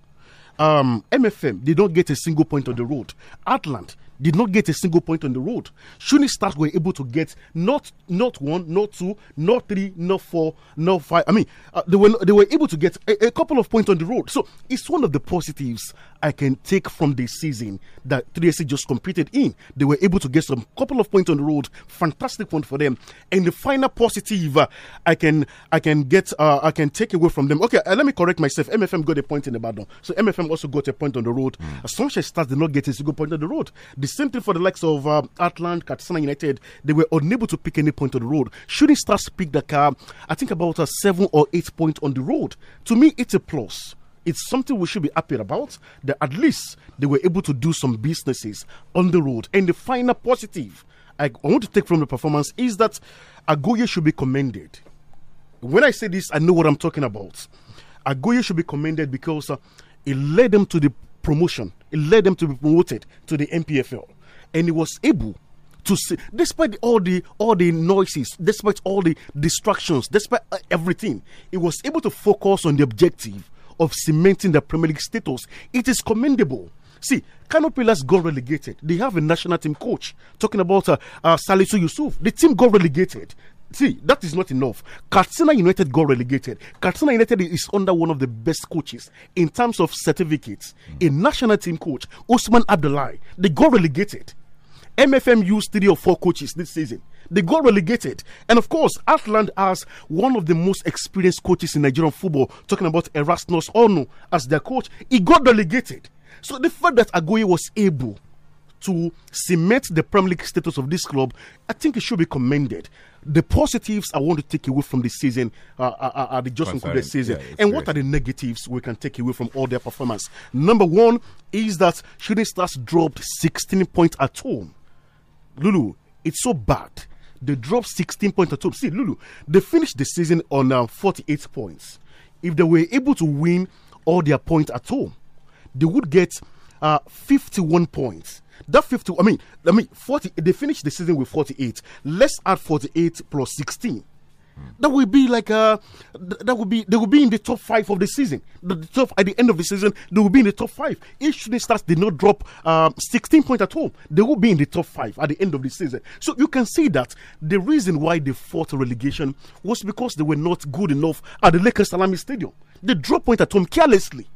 um, MFM, they don't get a single point on the road. Atlant, did not get a single point on the road. Shuni stars were able to get not not one, not two, not three, not four, not five. I mean, uh, they were they were able to get a, a, couple of points on the road. So it's one of the positives I can take from the season that 3SC just competed in. They were able to get some couple of points on the road. Fantastic one for them. And the final positive uh, I can I can get uh, I can take away from them. Okay, uh, let me correct myself. MFM got a point in the battle, so MFM also got a point on the road. Mm. Sunshine Stars did not get a single point on the road. The same thing for the likes of uh, Atlant, Katsina United. They were unable to pick any point on the road. Shooting Stars picked the car, I think about a uh, seven or eight point on the road. To me, it's a plus it's something we should be happy about that at least they were able to do some businesses on the road. And the final positive I want to take from the performance is that Agoye should be commended. When I say this, I know what I'm talking about. Agoye should be commended because uh, it led them to the promotion. It led them to be promoted to the MPFL. And he was able to see, despite all the all the noises, despite all the distractions, despite uh, everything, he was able to focus on the objective of cementing the Premier League status. It is commendable. See, Kano Pillars got relegated. They have a national team coach talking about uh, uh, Salisu Yusuf. The team got relegated see, that is not enough. Katsina United got relegated. Katsina United is under one of the best coaches in terms of certificates. Mm. A national team coach, Osman Abdullahi, they got relegated. MFM used three or four coaches this season. They got relegated. And of course, Atland has one of the most experienced coaches in Nigerian football, talking about Erasmus Onu as their coach. He got relegated. So the fact that Agoye was able to cement the Premier League status of this club, I think it should be commended. The positives I want to take away from this season are, are, are the just Kude season. Yeah, and great. what are the negatives we can take away from all their performance? Number one is that Shooting Stars dropped 16 points at home. Lulu, it's so bad. They dropped 16 points at home. See, Lulu, they finished the season on um, 48 points. If they were able to win all their points at home, they would get uh, 51 points. That 50, I mean, I mean, 40, they finished the season with 48. Let's add 48 plus 16. That will be like uh, that will be they will be in the top five of the season. The, the, top at the end of the season, they will be in the top five. If shooting stars did not drop um, 16 points at all, they will be in the top five at the end of the season. So you can see that the reason why they fought relegation was because they were not good enough at the Lakers Salami Stadium. They dropped point at home carelessly.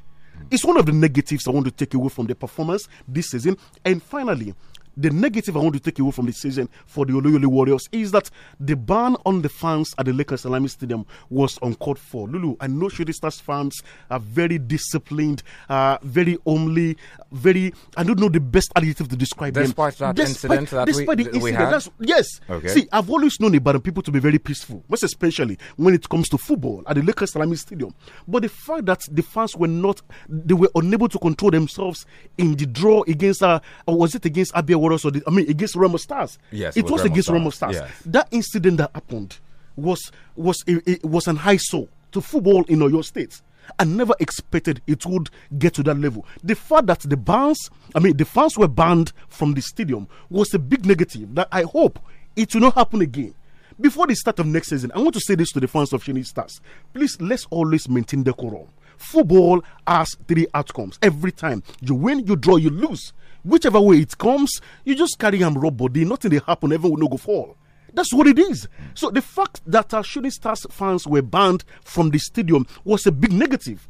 It's one of the negatives I want to take away from the performance this season. And finally, the negative I want to take away from the season for the Oloyole Warriors is that the ban on the fans at the Lakers Salami Stadium was uncalled for. Lulu, I know Shooting Stars fans are very disciplined, uh, very homely, very, I don't know the best adjective to describe despite them. That despite that despite we, the incident. yes. Okay. See, I've always known Ibadan people to be very peaceful, most especially when it comes to football at the Lakers Salami Stadium. But the fact that the fans were not, they were unable to control themselves in the draw against, uh, was it against Abia Warriors, or the, I mean, against Ramos Stars. Yes, it was against Ramos Stars. Yes. That incident that happened was was it was an high soul to football in your State. I never expected it would get to that level. The fact that the bans, I mean, the fans were banned from the stadium was a big negative that I hope it will not happen again. Before the start of next season, I want to say this to the fans of Shiny Stars. Please, let's always maintain decorum. Football has three outcomes every time you win, you draw, you lose. Whichever way it comes, you just carry him rob body, nothing they happen, even will not go fall. That's what it is. So the fact that our Shooting Stars fans were banned from the stadium was a big negative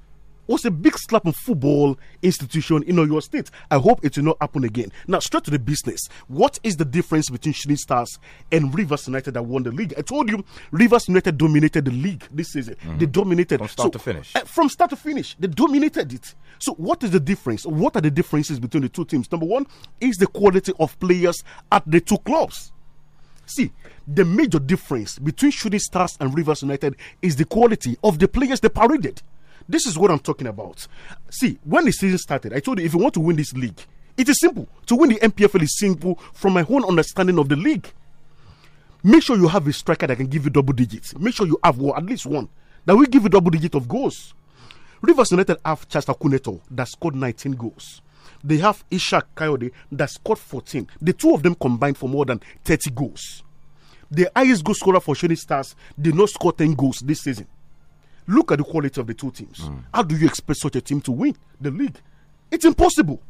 was a big slap on football institution in your state. I hope it will not happen again. Now, straight to the business. What is the difference between Shooting Stars and Rivers United that won the league? I told you, Rivers United dominated the league this season. Mm -hmm. They mm-hmm. dominated from start so, to finish. Uh, from start to finish, they dominated it. So, what is the difference? What are the differences between the two teams? Number one is the quality of players at the two clubs. See, the major difference between Shooting Stars and Rivers United is the quality of the players they paraded. This is what I'm talking about. See, when the season started, I told you if you want to win this league, it is simple. To win the MPFL is simple from my own understanding of the league. Make sure you have a striker that can give you double digits. Make sure you have well, at least one that will give you double digit of goals. Rivers United have Chester Kuneto that scored 19 goals. They have Ishak Coyote that scored 14. The two of them combined for more than 30 goals. The highest goal scorer for Shooting Stars did not score 10 goals this season. Look at the quality of the two teams. Mm. How do you expect such a team to win the league? It's impossible.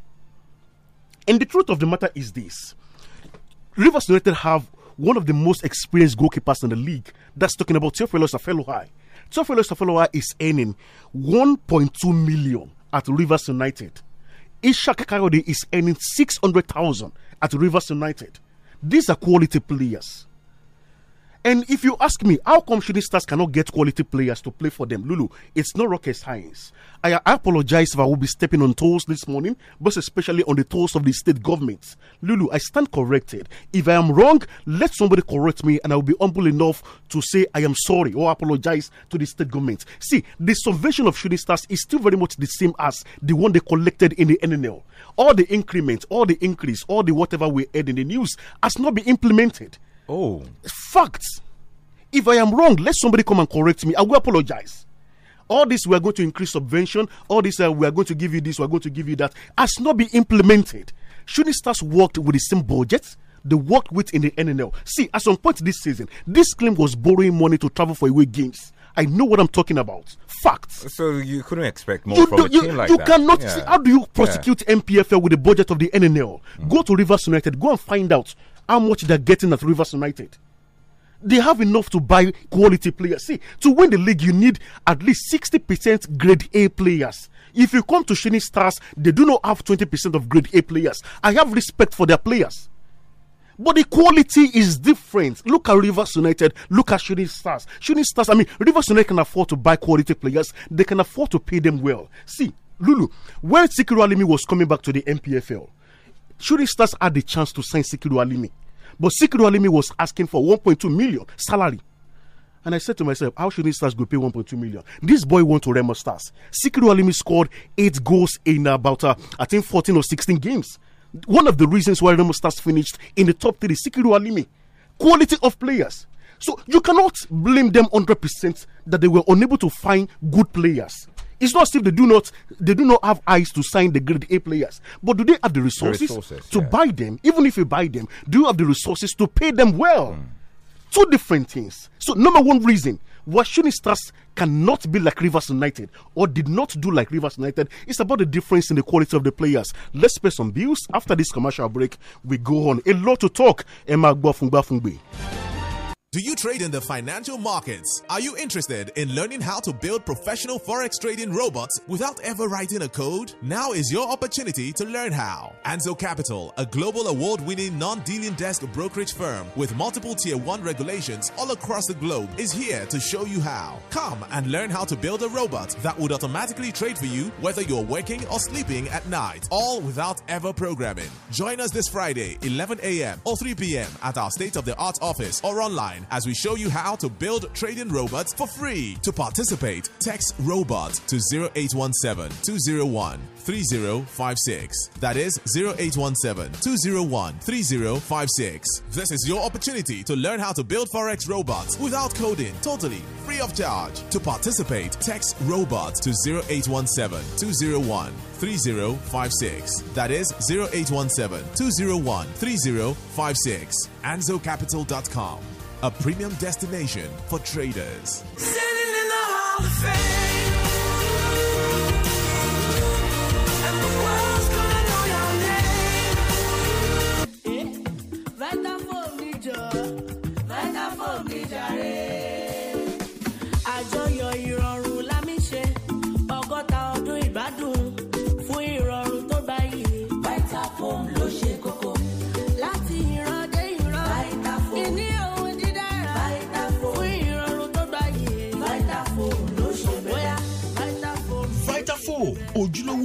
And the truth of the matter is this Rivers United have one of the most experienced goalkeepers in the league. That's talking about Teofilo Safelohi. Teofilo Safelohi is earning 1.2 million at Rivers United. Ishak Kayode is earning 600,000 at Rivers United. These are quality players. And if you ask me, how come shooting stars cannot get quality players to play for them? Lulu, it's not rocket science. I apologize if I will be stepping on toes this morning, but especially on the toes of the state government. Lulu, I stand corrected. If I am wrong, let somebody correct me and I will be humble enough to say I am sorry or apologize to the state government. See, the salvation of shooting stars is still very much the same as the one they collected in the NNL. All the increments, all the increase, all the whatever we add in the news has not been implemented. Oh. Facts. If I am wrong, let somebody come and correct me. I will apologize. All this, we are going to increase subvention. All this, uh, we are going to give you this, we are going to give you that, has not been implemented. Shouldn't start worked with the same budget they worked with in the NNL. See, at some point this season, this claim was borrowing money to travel for away games. I know what I'm talking about. Facts. So you couldn't expect more you from do, a you, team like you that. You cannot. Yeah. See, how do you prosecute yeah. MPFL with the budget of the NNL? Mm. Go to Rivers United. Go and find out how much they're getting at Rivers United. They have enough to buy quality players. See, to win the league, you need at least 60% grade A players. If you come to Shiny Stars, they do not have 20% of grade A players. I have respect for their players. But the quality is different. Look at Rivers United. Look at Shooting Stars. Shooting Stars, I mean, Rivers United can afford to buy quality players. They can afford to pay them well. See, Lulu, when Sikiru Alimi was coming back to the MPFL, Shooting Stars had the chance to sign Sikiru Alimi. But Sikiru Alimi was asking for 1.2 million salary. And I said to myself, how should Stars go pay 1.2 million? This boy went to Remo Stars. Sikiru Alimi scored eight goals in about, uh, I think, 14 or 16 games. One of the reasons why Remo Stars finished in the top three, Sikiru Alimi. Quality of players. So you cannot blame them 100% that they were unable to find good players. It's not if they do not they do not have eyes to sign the grade A players, but do they have the resources, the resources to yeah. buy them? Even if you buy them, do you have the resources to pay them well? Mm. Two different things. So number one reason why shooting stars cannot be like Rivers United or did not do like Rivers United is about the difference in the quality of the players. Let's pay some bills. After this commercial break, we go on. A lot to talk. Emma Gbafungba Fungbe. Do you trade in the financial markets? Are you interested in learning how to build professional forex trading robots without ever writing a code? Now is your opportunity to learn how. Anzo Capital, a global award-winning non-dealing desk brokerage firm with multiple tier 1 regulations all across the globe is here to show you how. Come and learn how to build a robot that would automatically trade for you whether you're working or sleeping at night, all without ever programming. Join us this Friday, 11 a.m. or 3 p.m. at our state-of-the-art office or online as we show you how to build trading robots for free. To participate, text robot to 0817 201 3056. That is 0817 201 3056. This is your opportunity to learn how to build Forex robots without coding, totally free of charge. To participate, text robot to 0817 201 3056. That is 0817 201 3056. AnzoCapital.com a premium destination for traders.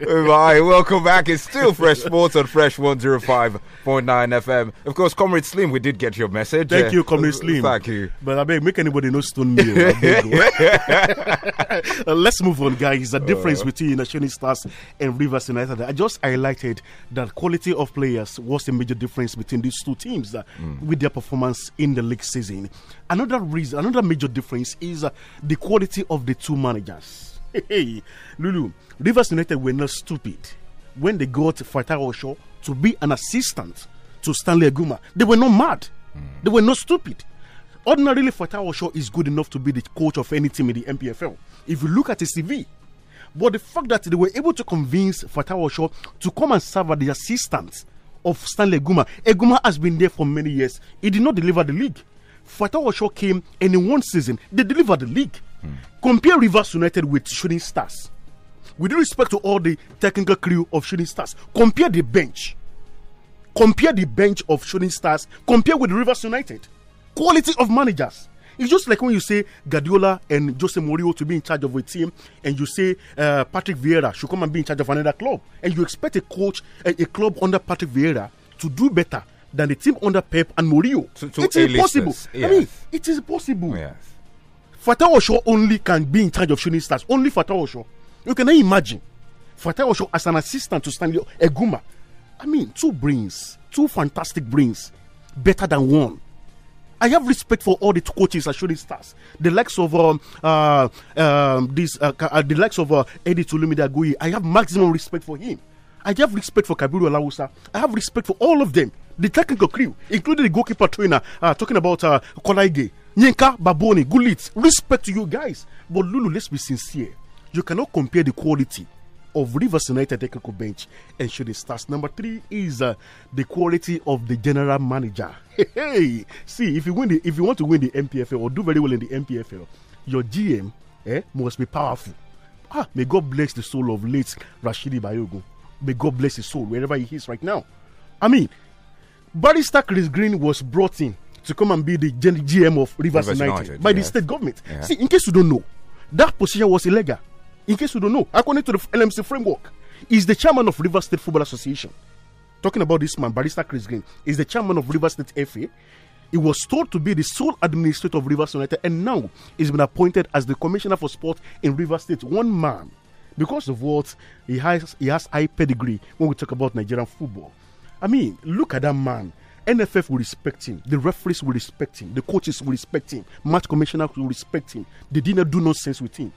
Hi, welcome back. It's still Fresh Sports on Fresh 105.9 FM. Of course, Comrade Slim, we did get your message. Thank uh, you, Comrade uh, Slim. Thank you. But I beg, make anybody know stone me. Oh, oh. uh, let's move on, guys. The difference uh, between National Stars and Rivers United, I just highlighted that quality of players was the major difference between these two teams uh, mm. with their performance in the league season. Another reason, another major difference is uh, the quality of the two managers hey, Lulu, Rivers United were not stupid when they got Fatai Osho to be an assistant to Stanley Aguma. They were not mad. Mm. They were not stupid. Ordinarily, Fatai Osho is good enough to be the coach of any team in the MPFL. If you look at his CV, but the fact that they were able to convince Fatai Osho to come and serve as the assistant of Stanley Aguma. Aguma has been there for many years. He did not deliver the league. Fatai Osho came and in one season, they delivered the league. Compare Rivers United with Shooting Stars. With respect to all the technical crew of Shooting Stars, compare the bench. Compare the bench of Shooting Stars. Compare with Rivers United. Quality of managers. It's just like when you say Guardiola and Jose Mourinho to be in charge of a team, and you say uh, Patrick Vieira should come and be in charge of another club, and you expect a coach, a, a club under Patrick Vieira to do better than the team under Pep and Mourinho. So, so it's impossible. Yes. I mean, it is possible. Yes. Fatah Osho only can be in charge of shooting stars. Only Fatah Osho. You can imagine Fatah Osho as an assistant to Stanley Eguma. I mean, two brains, two fantastic brains, better than one. I have respect for all the coaches at shooting stars, the likes of um, uh, um, this, uh, uh the likes of uh, Eddie Tulumide Agui. I have maximum respect for him. I have respect for Kabiru Alawusa. I have respect for all of them. the technical crew, including the goalkeeper trainer, uh, talking about uh, Kolaige, Yinka, Baboni, Gullit. Respect to you guys. But Lulu, let's be sincere. You cannot compare the quality of Rivers United technical bench and shooting stars. Number three is uh, the quality of the general manager. Hey, hey, see if you win the if you want to win the MPFL or do very well in the MPFL, your GM eh, must be powerful. Ah, may God bless the soul of late Rashidi Bayogo. May God bless his soul wherever he is right now. I mean, Barrister Chris Green was brought in to come and be the GM of Rivers, Rivers United, United, by the state government. Yeah. See, in case you don't know, that position was illegal. In case you don't know, according to the LMC framework, is the chairman of Rivers State Football Association. Talking about this man, Barrister Chris Green, is the chairman of Rivers State FA. He was told to be the sole administrator of Rivers United, and now he's been appointed as the commissioner for sport in Rivers State. One man, because of what he has, he has high pedigree when we talk about Nigerian football. I mean, look at that man. NFF will respect him. The referees will respect him. The coaches will respect him. Match commissioners will respect him. They did not do nonsense with him.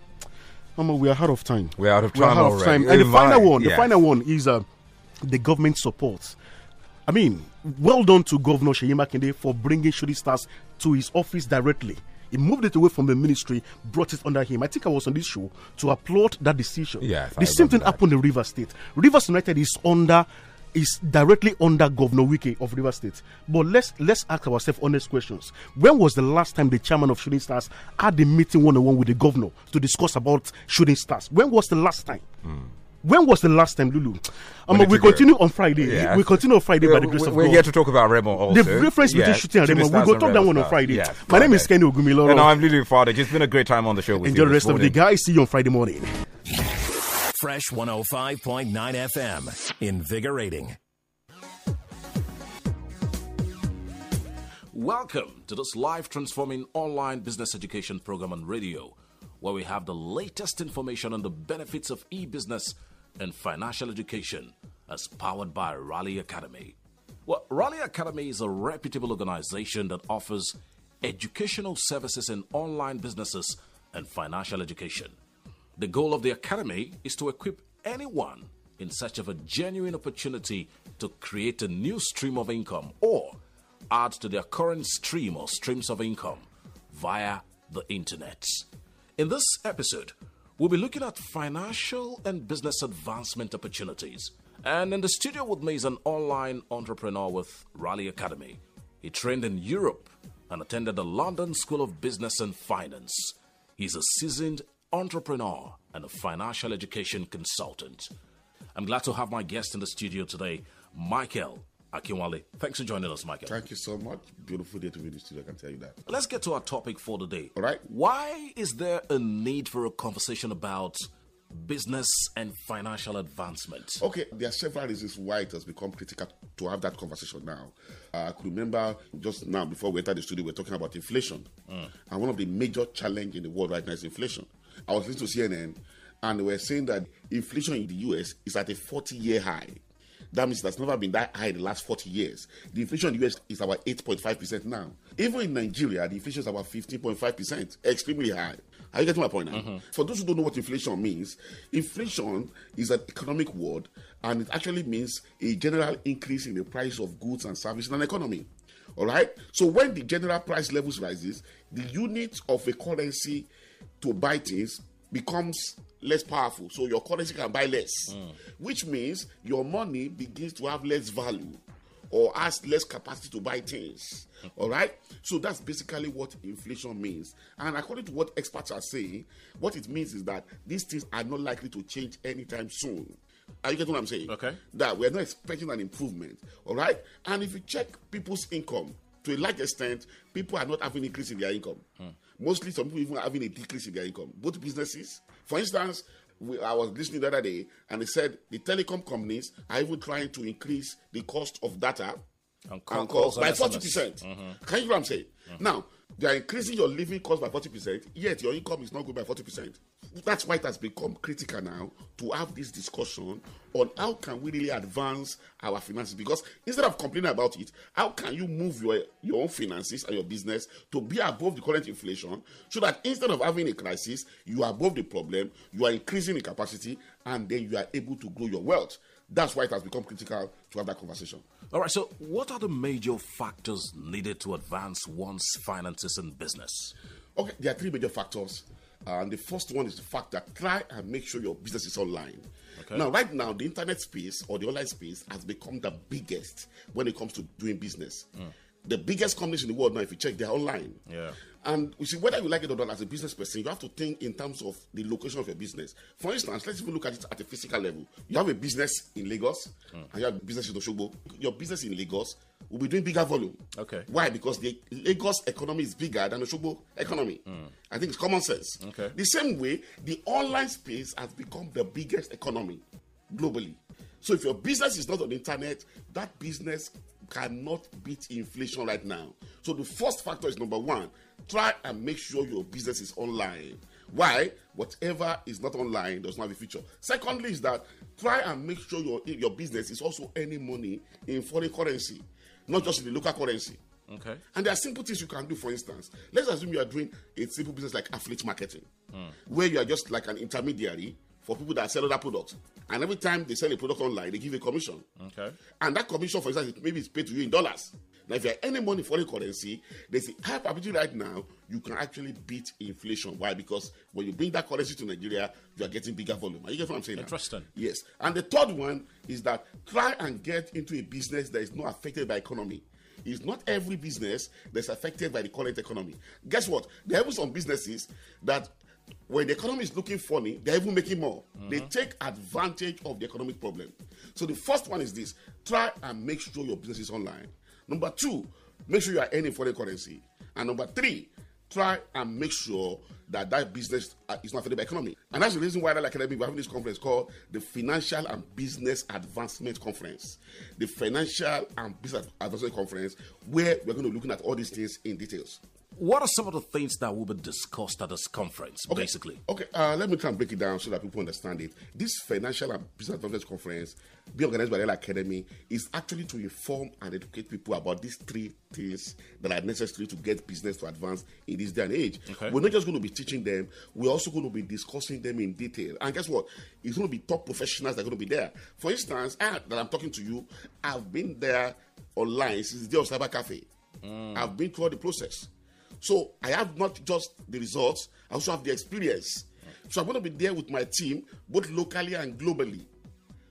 Mama, we are out of time. We are out of time. Out of time. And the final one, yes. the final one is uh, the government support. I mean, well done to Governor Sheyi Makinde for bringing Shooting Stars to his office directly. He moved it away from the ministry, brought it under him. I think I was on this show to applaud that decision. Yeah, the I same thing that. happened in River State. Rivers United is under is directly under Governor Wiki of River State. But let's let's ask ourselves honest questions. When was the last time the chairman of Shooting Stars had a meeting one on one with the governor to discuss about Shooting Stars? When was the last time? Mm. When was the last time, Lulu? Um, we continue go? on Friday. Yeah. We continue on Friday by the grace of God. We're here to talk about Remo also. The difference between shooting and Remo. We'll go talk that one on Friday. My name is Kenny Ogumiloro. And I'm Lulu Father. It's been a great time on the show with Enjoy you. Enjoy the rest morning. of the day, guys. See you on Friday morning. Fresh 105.9 FM. Invigorating. Welcome to this live transforming online business education program on radio, where we have the latest information on the benefits of e business and financial education as powered by Raleigh Academy. Well, Raleigh Academy is a reputable organization that offers educational services in online businesses and financial education. The goal of the Academy is to equip anyone in search of a genuine opportunity to create a new stream of income or add to their current stream or streams of income via the internet. In this episode, we'll be looking at financial and business advancement opportunities. And in the studio with me is an online entrepreneur with Raleigh Academy. He trained in Europe and attended the London School of Business and Finance. He's a seasoned entrepreneur, and a financial education consultant. I'm glad to have my guest in the studio today, Michael Akinwale. Thanks for joining us, Michael. Thank you so much. Beautiful day to be in the studio, I can tell you that. Let's get to our topic for the day. All right. Why is there a need for a conversation about business and financial advancement? Okay, there are several reasons why it has become critical to have that conversation now. Uh, I could remember just now before we entered the studio, we are talking about inflation. Mm. And one of the major challenge in the world right now is inflation. I was listening to CNN and they were saying that inflation in the US is at a 40 year high. That means that's never been that high in the last 40 years. The inflation in the US is about 8.5% now. Even in Nigeria, the inflation is about 15.5%, extremely high. Are you getting my point now? Mm-hmm. For those who don't know what inflation means, inflation is an economic word and it actually means a general increase in the price of goods and services in an economy. All right? So when the general price levels rises, the unit of a currency to buy things becomes less powerful. So your currency can buy less, mm. which means your money begins to have less value or has less capacity to buy things. Hmm. All right. So that's basically what inflation means. And according to what experts are saying, what it means is that these things are not likely to change anytime soon. Are you getting what I'm saying? Okay. That we're not expecting an improvement. All right. And if you check people's income, to a large extent, people are not having increase in their income. Hmm. Mostly, some people even having a decrease in their income. Both businesses, for instance, we, I was listening the other day, and they said the telecom companies are even trying to increase the cost of data and, and calls by forty percent. Mm-hmm. Can you hear what I'm saying? Mm-hmm. Now, They are increasing your living cost by 40%, yet your income is not going by 40%. That's why it has become critical now to have this discussion on how can we really advance our finances. Because instead of complaining about it, how can you move your, your own finances and your business to be above the current inflation so that instead of having a crisis, you are above the problem, you are increasing the capacity, and then you are able to grow your wealth. That's why it has become critical to have that conversation. All right, so what are the major factors needed to advance one's finances and business? Okay, there are three major factors. and the first one is the fact that try and make sure your business is online. Okay. Now, right now, the internet space or the online space has become the biggest when it comes to doing business. Mm. The biggest companies in the world now, if you check, they're online. Yeah. And you see, whether you like it or not, as a business person, you have to think in terms of the location of your business. For instance, let's even look at it at a physical level. You have a business in Lagos mm. and you have business in Oshogbo. Your business in Lagos will be doing bigger volume. Okay. Why? Because the Lagos economy is bigger than Oshogbo economy. Mm. I think it's common sense. Okay. The same way, the online space has become the biggest economy globally. So if your business is not on the internet, that business cannot beat inflation right now. So the first factor is number one, try and make sure your business is online. Why? Whatever is not online does not have a future. Secondly, is that try and make sure your your business is also earning money in foreign currency, not just in the local currency. Okay. And there are simple things you can do. For instance, let's assume you are doing a simple business like affiliate marketing, mm. where you are just like an intermediary for people that sell other products. And every time they sell a product online, they give a commission. Okay. And that commission, for instance, maybe it's paid to you in dollars. Now, if you have any money foreign currency, there's a high probability right now you can actually beat inflation. Why? Because when you bring that currency to Nigeria, you are getting bigger volume. Are you get what I'm saying? Interesting. Now? Yes. And the third one is that try and get into a business that is not affected by economy. It's not every business that's affected by the current economy. Guess what? There are some businesses that when the economy is looking funny, they're even making more. Mm-hmm. They take advantage of the economic problem. So the first one is this: try and make sure your business is online. Number two, make sure you are earning foreign currency. And number three, try and make sure that that business uh, is not affected by economy. And that's the reason why Real Academy we're having this conference called the Financial and Business Advancement Conference. The Financial and Business Advancement Conference, where we're going to be looking at all these things in details. what are some of the things that will be discussed at this conference, okay. basically? Okay, uh, let me try and break it down so that people understand it. This Financial and Business Development Conference, being organized by the Academy, is actually to inform and educate people about these three things that are necessary to get business to advance in this day and age. Okay. We're not just going to be teaching them, we're also going to be discussing them in detail. And guess what? It's going to be top professionals that are going to be there. For instance, I, that I'm talking to you, I've been there online since the day of Cyber Cafe. Mm. I've been through all the process. So I have not just the results, I also have the experience. So I'm going to be there with my team, both locally and globally,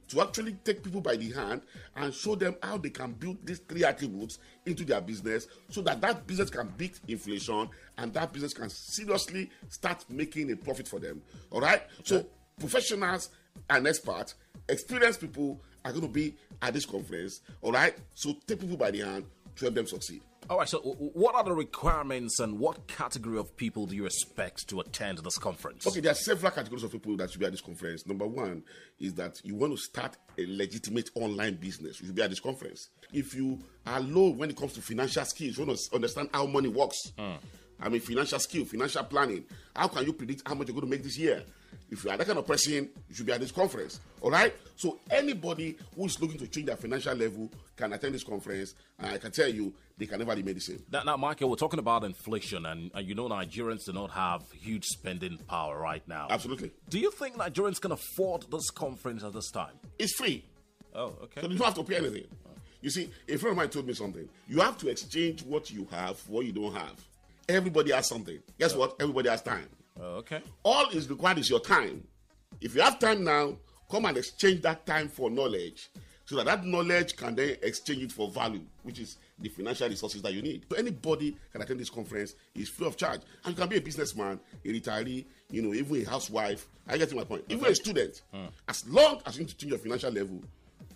to actually take people by the hand and show them how they can build these three attributes into their business so that that business can beat inflation and that business can seriously start making a profit for them. All right? Okay. So professionals and experts, experienced people are going to be at this conference. All right? So take people by the hand to help them succeed. All right, so what are the requirements and what category of people do you expect to attend this conference? Okay, there are several categories of people that should be at this conference. Number one is that you want to start a legitimate online business, you should be at this conference. If you are low when it comes to financial skills, you want to understand how money works. Mm. I mean, financial skill, financial planning. How can you predict how much you're going to make this year? If you are that kind of person, you should be at this conference. All right. So anybody who is looking to change their financial level can attend this conference, and I can tell you they can never remain the same. Now, now Michael, we're talking about inflation, and, and you know Nigerians do not have huge spending power right now. Absolutely. Do you think Nigerians can afford this conference at this time? It's free. Oh, okay. So you don't have to pay anything. Oh. You see, a friend of mine told me something. You have to exchange what you have for what you don't have. Everybody has something. Guess yeah. what? Everybody has time. Oh, okay. All is required is your time. If you have time now, come and exchange that time for knowledge so that that knowledge can then exchange it for value, which is the financial resources that you need. So anybody can attend this conference. It's free of charge. And you can be a businessman, a retiree, you know, even a housewife. I get to my point. Even a student. Hmm. As long as you need to change your financial level,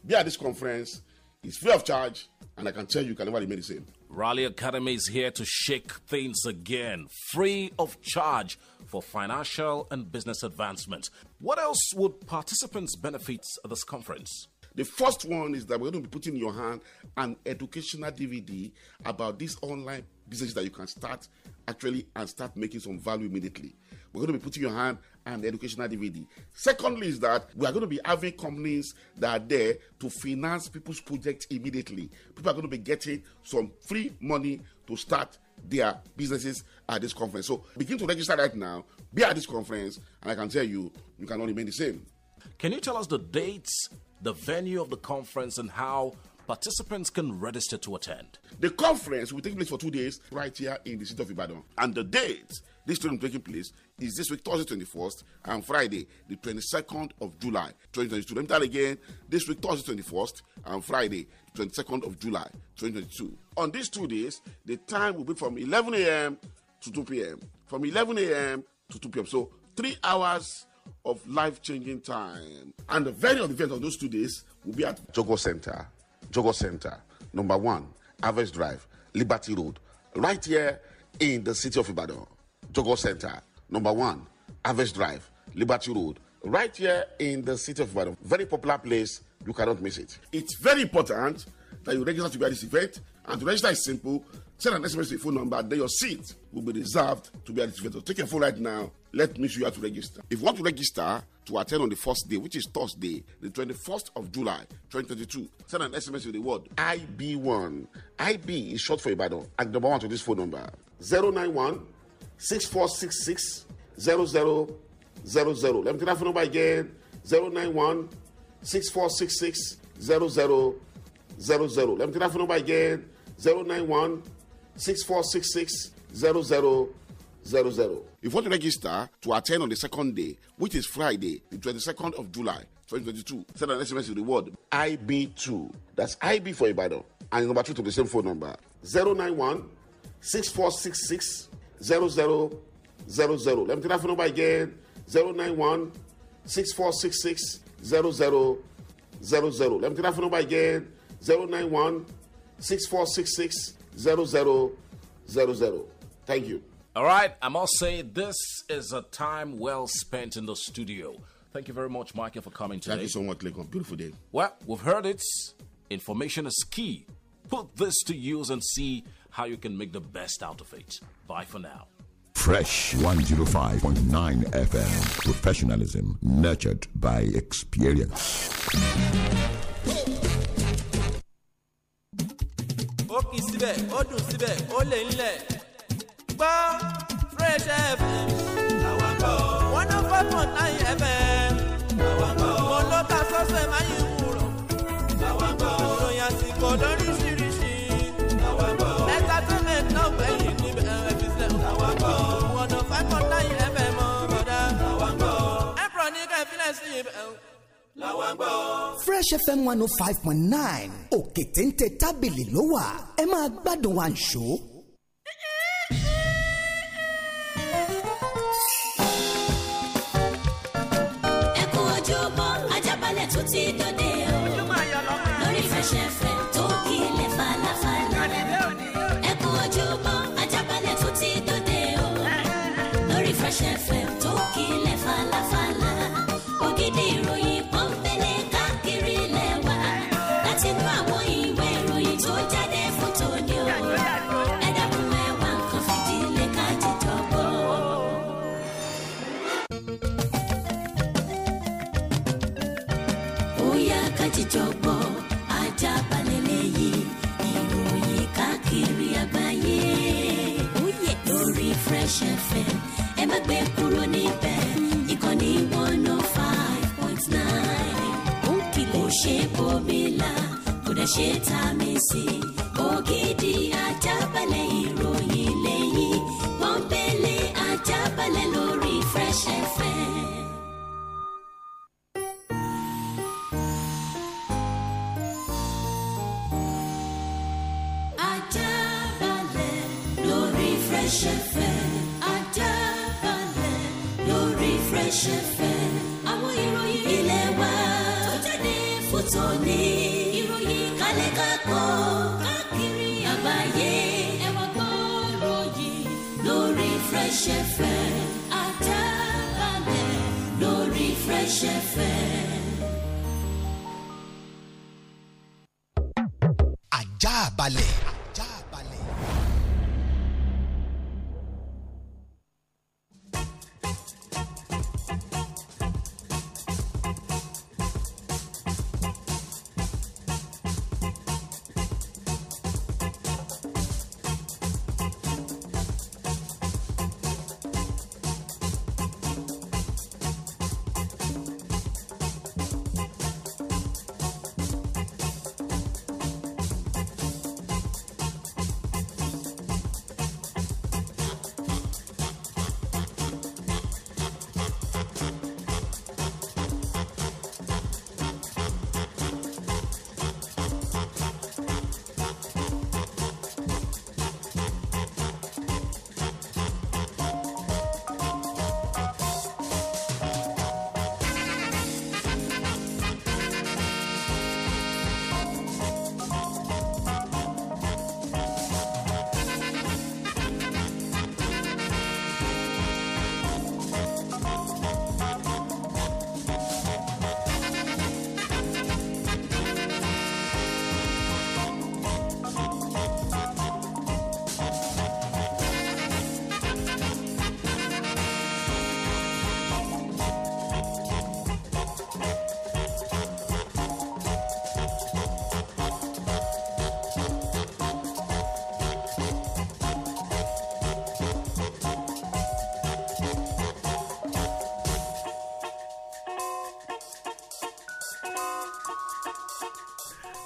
be at this conference – it's free of charge, and I can tell you, you can never remain the same. Raleigh Academy is here to shake things again, free of charge for financial and business advancement. What else would participants benefit at this conference? The first one is that we're going to be putting in your hand an educational DVD about this online business that you can start actually and start making some value immediately. We're going to be putting your hand and educational DVD. Secondly, is that we are going to be having companies that are there to finance people's projects immediately. People are going to be getting some free money to start their businesses at this conference. So begin to register right now, be at this conference, and I can tell you, you can only remain the same. Can you tell us the dates, the venue of the conference, and how participants can register to attend? The conference will take place for two days right here in the city of Ibadan. And the dates This training taking place is this week, Thursday 21st and Friday, the 22nd of July 2022. Let me tell again, this week, Thursday 21st and Friday, 22nd of July 2022. On these two days, the time will be from 11 a.m. to 2 p.m. From 11 a.m. to 2 p.m. So three hours of life-changing time. And the venue of the event of those two days will be at Jogo Center, Jogo Center, number one, Average Drive, Liberty Road, right here in the city of Ibadan. Togo Center, number one, Average Drive, Liberty Road, right here in the city of Ibadan. Very popular place. You cannot miss it. It's very important that you register to be at this event. And to register is simple. Send an SMS to your phone number, then your seat will be reserved to be at this event. So take your phone right now. Let me show you how to register. If you want to register to attend on the first day, which is Thursday, the 21st of July, 2022, send an SMS to the word IB1. IB is short for Ibadan. And number one to this phone number 091 6466 0000. Let me take that phone number again 091 6466 0000. Let me take that phone number again 091 zero zero. If you want to register to attend on the second day, which is Friday, the 22nd of July 2022, send an SMS to the word IB2. That's IB for Ibadan. And number two to the same phone number 091 6466 0000. Let me take that phone number again 091 6466 0000. Let me take that phone number again 091 6466 0000. Thank you. All right, I must say this is a time well spent in the studio. Thank you very much, Michael, for coming today. Thank you so much, Lincoln. Beautiful day. Well, we've heard it. Information is key. Put this to use and see how you can make the best out of it. Bye for now. Fresh 105.9 FM. Professionalism nurtured by experience. ó kì í síbẹ̀ ó dùn síbẹ̀ ó lè ń lẹ̀ gbọ́ Fresh FM àwọn one oh five point nine FM àwọn kọ́ mo ló sọ́sẹ̀ máyì ń wúrọ̀ àwọn kọ́ àsìkò lórí. Fresh FM one oh five point nine òkè téńté tábìlì ló wà ẹ máa gbádùn àǹṣó. ẹ kú ojúbọ Ajaabale tó ti dòde o lórí Fresh FM. Fresh FM. bòmílà kò dẹ̀ ṣe tá a mi sí. ògidì ajábalẹ̀ ìròyìn lẹ́yìn pọ́npẹ́lẹ́ ajábalẹ̀ Fresh FM. Fresh FM. àjà balẹ̀.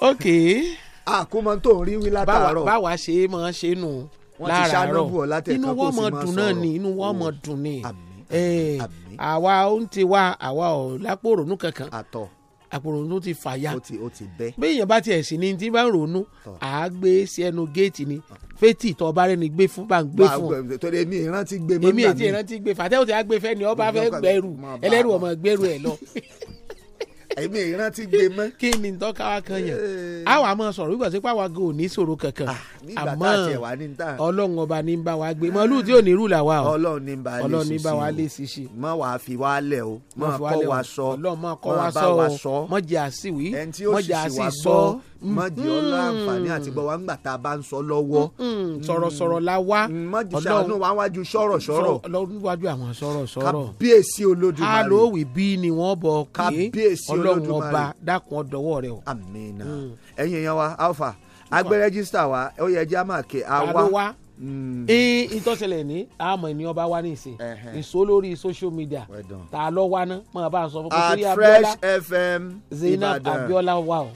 ok. àkómọ tó ń rí wí látàárọ̀. báwa ṣe é mọ ṣe nù láràárọ̀ inú wọ́n mọ dùn náà ni inú wọ́n mọ dùn ni àwa ó ń ti wá àwa ò lápò ronú kankan àpòrònú ti fàya béèyàn bá tiẹ̀ sí ni tí bá ń ronú à á gbé sí ẹnu géètì ni fẹ́tì tó ọba rẹ ni gbé fún bá ń gbé fún. torí èmi ìrántí gbé mọ́gbà mi èmi èti ìrántí gbé fàtẹ́wò tí a gbé fẹ́ ni ọba fẹ́ gbẹrù ẹlẹ́rù ọmọ gbẹrù ẹ̀ lọ. èmi ìrántí gbé mọ́. kí ni tọ́ka wa kan yàn á eh. wà máa sọ̀rọ̀ wípé sípà wa gan ò ní sọ̀rọ̀ kankan ah, àmọ́ ọlọ́run ọba ní bá wa gbé mọ́lú tí ò ní rú là o ọlọ́run ní bá wa lé ṣiṣẹ́. mọ wàá fi wá lẹ o mọ kọ wa sọ mọ bá wa sọ mọ jẹ àṣìwí mọ jẹ àṣìsọ mọ̀jì mm, ọlá mm. àǹfààní àti gbọ́ wa ńgbà tá a bá ń sọ lọ́wọ́. Mm, sọ̀rọ̀sọ̀rọ̀ la wá. mọ̀jì sànú wa wájú sọ̀rọ̀ sọ̀rọ̀. lọ́wọ́jú àwọn sọ̀rọ̀ sọ̀rọ̀. kábíyèsí olódùmarè. alówì bí ni wọ́n bọ̀ pé ọlọ́run ọba dákun ọ̀dọ́wọ́ rẹ o. àmín ẹ̀yin èèyàn wa alpha agbẹ́ rẹ́gísítà wa ó yẹ jẹ́ àmà kẹ́ àwa ìtọ́sẹ̀lẹ̀ ní àmọ̀ ènìyàn bá wá ní ìsìn ìṣó lórí social media ta ló wá ná mọ̀ bá a sọ fún kò sí abiola Zainab abiola wa o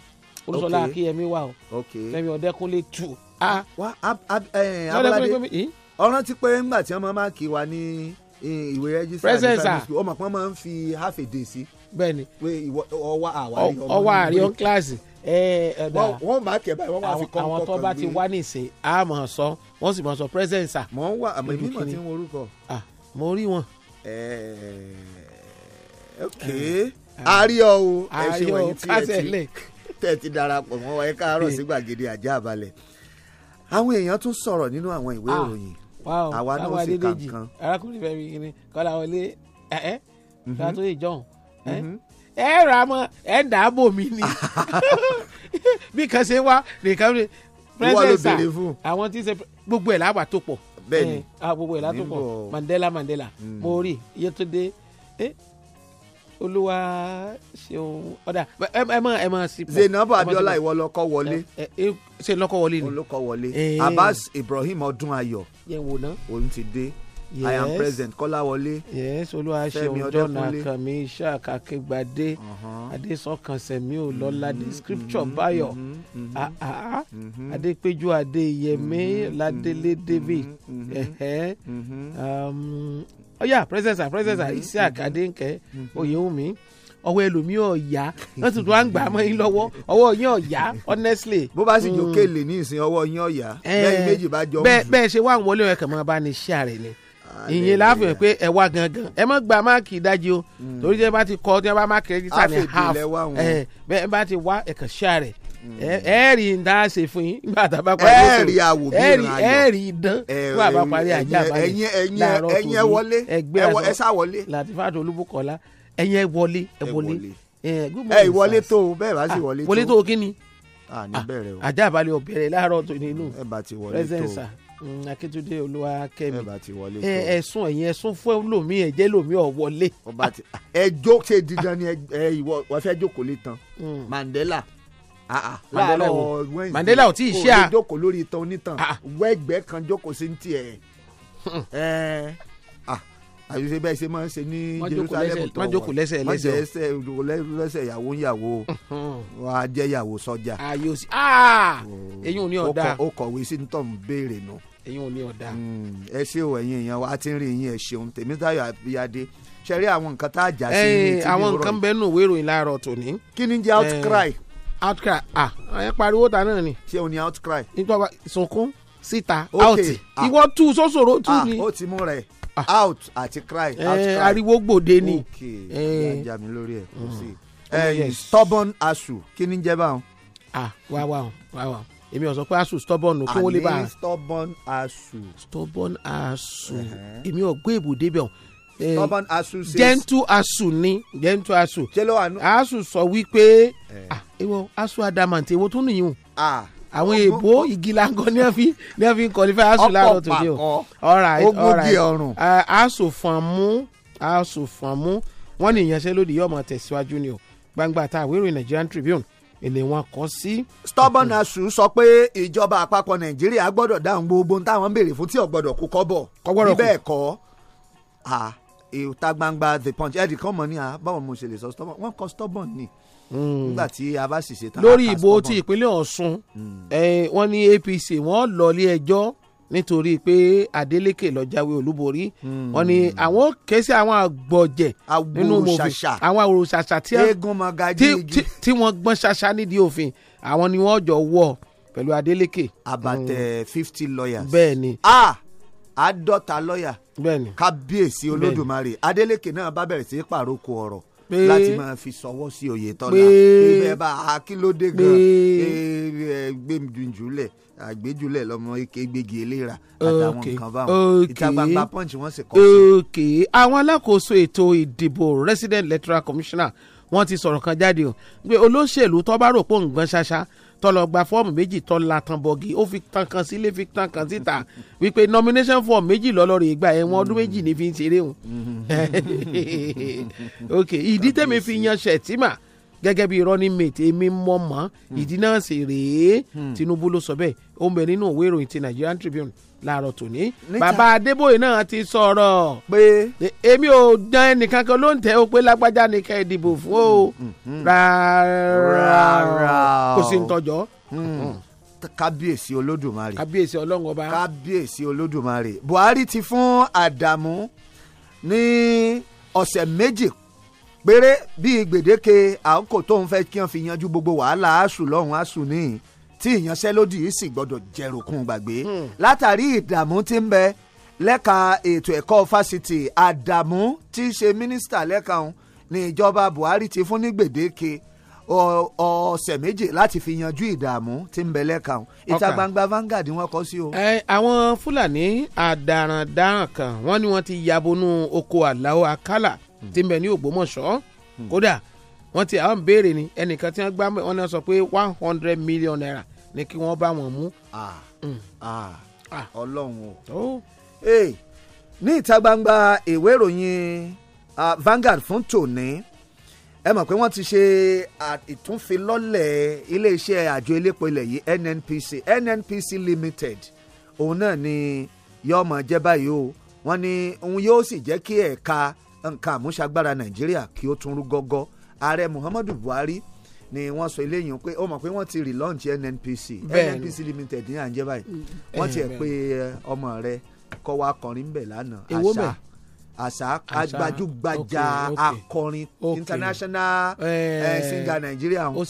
olùsọlá akínyẹmí wà o fẹ́mi ọdẹkùnlé tù á. abalade ọ̀ràn ti pé ńgbà tí wọ́n máa kí wa ní ìwé rẹ́gísítà ní primary school ọmọ kan máa ń fi half a day sí. bẹ́ẹ̀ni ọwọ àwárí ọwọ àwárí ọ kíláàsì wọ́n máa kẹ̀ báyìí wọ́n máa fi kọ́ àwọn tó bá ti wá nìsín á mọ̀ sọ wọ́n sì mọ̀ sọ presence. mò ń wà àmọ́ èmi mọ̀ tí ń worúkọ. mo rí wọn. ok a rí ọ o ẹ ṣe wọ̀nyí tí ẹ ti tẹ́ ti darapọ̀ mọ́ wa ẹ káàárọ̀ sí gbàgede àjẹ́ àbálẹ̀ àwọn èèyàn tún sọ̀rọ̀ nínú àwọn ìwé ah, ìròyìn àwa náà sì kankan. arákùnrin fẹmi kìíní kọlá wọlé ẹ ẹ mhm. látó ẹ mhm. ẹ rà mọ ẹ ń dàbò mí ni bí kan ṣe wá nìkan ní pírẹsẹsà àwọn tí ń ṣe gbogbo ẹ̀ láwà tó pọ̀ bẹ́ẹ̀ ni eh, ah, gbogbo ẹ̀ láwà tó pọ̀ Mandela Mandela mm. mo rí olúwa ṣeun ọ̀dà ẹ mọ̀ ẹ mọ̀ sí. zainabu abiola ìwọ lọkọ wọlé. ṣe lọkọ wọlé ni. olùkọ wọlé abbas ibrahim ọdúnayọ. yẹn wò ná. òun ti dé yes. i am present kọ́láwọlé. yes olúwa ṣeun jọ̀nà kànmí isaac akẹgbàdé uh-huh. adésọkànsẹ̀mí olọ́ládé mm-hmm. scripture mm-hmm. báyọ̀ mm-hmm. Ah, ah, ah. adépéjú adéyẹmí ládélé david ọyà pírẹsẹsà pírẹsẹsà iṣẹ́ àkàdéǹkẹ oyèwùmí ọwọ́ ẹlòmíì ọ̀yá wọ́n ti tún wá ń gbà mọ́ yín lọ́wọ́ ọwọ́ yín ọ̀yá honestly. bó bá sì mm. jókèlè ní ìsìn ọwọ́ yín ọ̀yá eh, bẹ́ẹ̀ méjì bá jọ. bẹ́ẹ̀ ṣe wá ń wọlé ọ̀yẹ́ kàn máa bá ní iṣẹ́ rẹ̀ ni ìyẹn láàfin ẹ pé ẹ wá gangan ẹ má gba máàkì ìdajì o mm. torí tí bá ti kọ tí ẹ bá máàkì rẹ́gísítà ní half eh, ẹ bẹ́ẹ̀ bá ti wá ẹ̀kànṣẹ́ rẹ̀ ẹ rí n dá ṣe fún yín nígbà tá a bá parí ètò ẹ rí àwò bí ìrìn ayọ̀ ẹ rí idán nígbà bá parí ajá balẹ̀ láàárọ̀ tòun ẹyin ẹ wọlé ẹ sá wọlé Latifat Olúbùkọ́lá ẹyin ẹ wọlé ẹ wọlé ẹ ìwọlé tó o bẹ́ẹ̀ bá sì ah, wọlé tó o wọlé tó o kí ni ajá ah, balẹ̀ ọ̀bẹ̀rẹ̀ láàárọ̀ tòun inú pẹ́sẹ̀nsà akíntúndé olúwa kẹmi ẹsùn ẹyin ẹsùn fún ẹlòmíì ẹjẹ ẹlòmíì ọwọlé. ẹjọ́ ṣe dídán ni ẹ ìwọ wọ́n fẹ́ jókòó lé tán mm. Mandela. Ah, ah. láàárọ̀ Wednesday Mandela ò tí ì ṣe à. kò lè jókòó lórí ìtàn onítàn ah, wẹ́gbẹ́ kan jókòó sí ti ẹ̀ àyùsẹ bẹ́ẹ̀ ṣe máa ń ṣe ní Jerusalem tó wọn jókòó lẹ́sẹ̀ lẹ́sẹ̀ wọn jẹ ẹsẹ̀ lẹ́sẹ̀ ìyàwó ń yàwó hmm. wọn á jẹ ìyàwó sọ́jà. ayò sí hmm. eyín ò ní ọ̀dà. ó kọ̀wé sí ní tọ́mù béèrè nù. eyín ò ní ọ̀dà. Hmm. ẹ ṣé o ẹ̀yin èèyàn wa ti ń rí yín ẹ ṣeun Tèmítáyọ̀ Abíyádé ṣe rí àwọn nǹkan tá a jà sí ní eh, tìbí rọ. àwọn nǹkan bẹ́ẹ̀ nù wérò yín láàárọ̀ tòní. kí ni jẹ́ eh, outcry. Eh outcry ah ẹ pariwo ta náà ni. ṣé o ní outcry. nítorí sunkún síta out ah. ìwọ tú sóṣòro tú ah, ni. ó ti mú rẹ ah. out àti cry. ẹ eh, ariwo gbòde ni. ok eh. ẹ jà mí lórí ẹ kò sí. ẹ mm. eh, stubborn asu kí ni jẹ báwọn. ah wá wá wá wá èmi ò sọ pé asu stubborn o kí wọ́n lè bá a. àní stubborn asu. stubborn asu èmi ò gbé èbò débẹ̀ o urban eh, asu says gentle asu ni gentle asu asu sọ wípé eh. ah, ewo asu adamant ewo tún nìyí o ah. àwọn èèbó igi langan ní àfi ní àfi qualify asu láàárọ̀ tòde o alright alright eh, asu fàn mú asu fàn mú wọn ní ìyanṣẹ́lódì yóò máa tẹ̀síwájú ni o gbangba ta àwérò Nigerian Tribune èlé wọn kọ sí. stubborn asu sọ pé ìjọba àpapọ̀ nàìjíríà gbọ́dọ̀ dáhùn gbogbo ohun táwọn ń béèrè fún tí ò gbọ́dọ̀ kú kọ́bọ̀ bí bẹ́ẹ̀ ah ìta gbangba the punch ẹ̀ẹ́dì kan mọ̀ ní à báwo mo ṣe lè sọ stubborn wọ́n kọ́ stubborn ni hmm. nígbà tí a bá sì ṣe tán. lórí ìbò ti ìpínlẹ̀ Ọ̀ṣun hmm. wọ́n ní APC wọ́n lọ ilé ẹjọ́ nítorí pé Adeleke ló jáwé olúborí hmm. wọ́n ní àwọn kẹsí àwọn àgbọ̀jẹ̀ nínú mòfin àwọn àwòrán tí wọ́n gbọ́n ṣaṣa nídìí òfin àwọn ni wọ́n jọ wọ̀ pẹ̀lú Adeleke. About fifty lawyers. bẹ́ẹ̀ni. ah àádọ́ta lọ́ọ̀yà kábíyèsí olódùmarè adeleke náà bá bẹ̀rẹ̀ sí í pàrókò ọ̀rọ̀ láti máa fi sọwọ́ sí oyetola ibẹ̀ bá a kí ló dé gan gbẹ̀mdùnjúlẹ̀ àgbéjúlẹ̀ lọ́mọ ike gbégi eléra àtàwọn nǹkan báwọn ìta gbangba àwọn alákòóso ètò ìdìbò resident electoral commissioner wọ́n ti sọ̀rọ̀ kan jáde o pé olóṣèlú tó bá rò pé òǹgbọ́n ṣáṣá tọlọ gba fọ́ọ̀mù méjì tọ́ la tan bọ́gì ó fi tan kan sílé fi tan kan síta wípé nomination form méjì lọ́lọ́rọ̀ ìgbà ẹ̀wọ̀n ọdún méjì ní fi ń ṣeré wọn. ok ìdí tèmi fi yan Shettima gẹ́gẹ́ bí running mate èmi mọ̀ mọ́ ìdí náà sì rèé hmm. Tinubu ló sọ bẹ́ẹ̀ ó ń bẹ nínú òwe ìròyìn ti Nigerian Tribune láàárọ̀ tòní. bàbá adébóyè náà ti sọ̀rọ̀ pé èmi ò dán ẹnìkan kan ló ń tẹ́ o pé lágbájá ni ká ẹ dìbò fún o mm, mm, mm. rárá kò sí ń tọjọ́ kábíyèsí olódùmarè kábíyèsí ọlọ́run ọba kábíyèsí olódùmarè buhari ti fún àdàmú ní ọ̀sẹ̀ méjì péré bíi gbèdéke àkókò tóun fẹ́ kí wọ́n fi yanjú gbogbo wàhálà asuu lọ́hùn asuu nìyí tí ìyanṣẹ́lódì yìí sì gbọ́dọ̀ jẹ̀rùkún gbàgbé hmm. látàrí ìdààmú tí ń bẹ lẹ́ka ètò ẹ̀kọ́ fásitì àdàmú tí í ṣe mínísítà lẹ́ka òun ní ìjọba Buhari ti fún ní gbèdéke ọ̀sẹ̀ méje láti fi yanjú ìdààmú tí ń bẹ lẹ́ka òun ìta gbangba Vanguard wọ́n kọ sí o. àwọn Fúlàní àdàràndàràn kan wọ́n ní wọ́n ti yabonú oko Àlàó Akálà hmm. tí ń bẹ ní Ògbómọ̀ṣọ́ hmm. kódà wọ́n ti àwọn béèrè ni ẹnìkan tí wọ́n gbá wọn náà sọ pé one hundred million naira ni kí wọ́n bá wọn mú mm. ọlọ́run o. ní ìta gbangba ìwé ìròyìn Vanguard fún tòní ẹ mọ̀ pé wọ́n ti ṣe ìtúnfilọ́lẹ̀ iléeṣẹ́ àjọ elépo ilẹ̀ yìí NNPC NNPC Limited òun náà ni yóò máa jẹ́ báyìí o wọ́n ní òun yóò sì jẹ́ kí ẹ̀ka nǹkan àmúṣagbára Nàìjíríà kí ó tún rú gọ́gọ́ ààrẹ Muhammadu Buhari ni wọ́n sọ eléyìí pé ó mọ̀ pé wọ́n ti relaunch NNPC NNPC limited ní àǹjẹ́ báyìí mm. wọ́n mm. tiẹ̀ pé eh, ọmọ rẹ̀ kọ́ wa kọrin bẹ̀ lánàá àṣà àṣà gbajúgbajà akọrin international eh, eh, singer Nàìjíríà wọn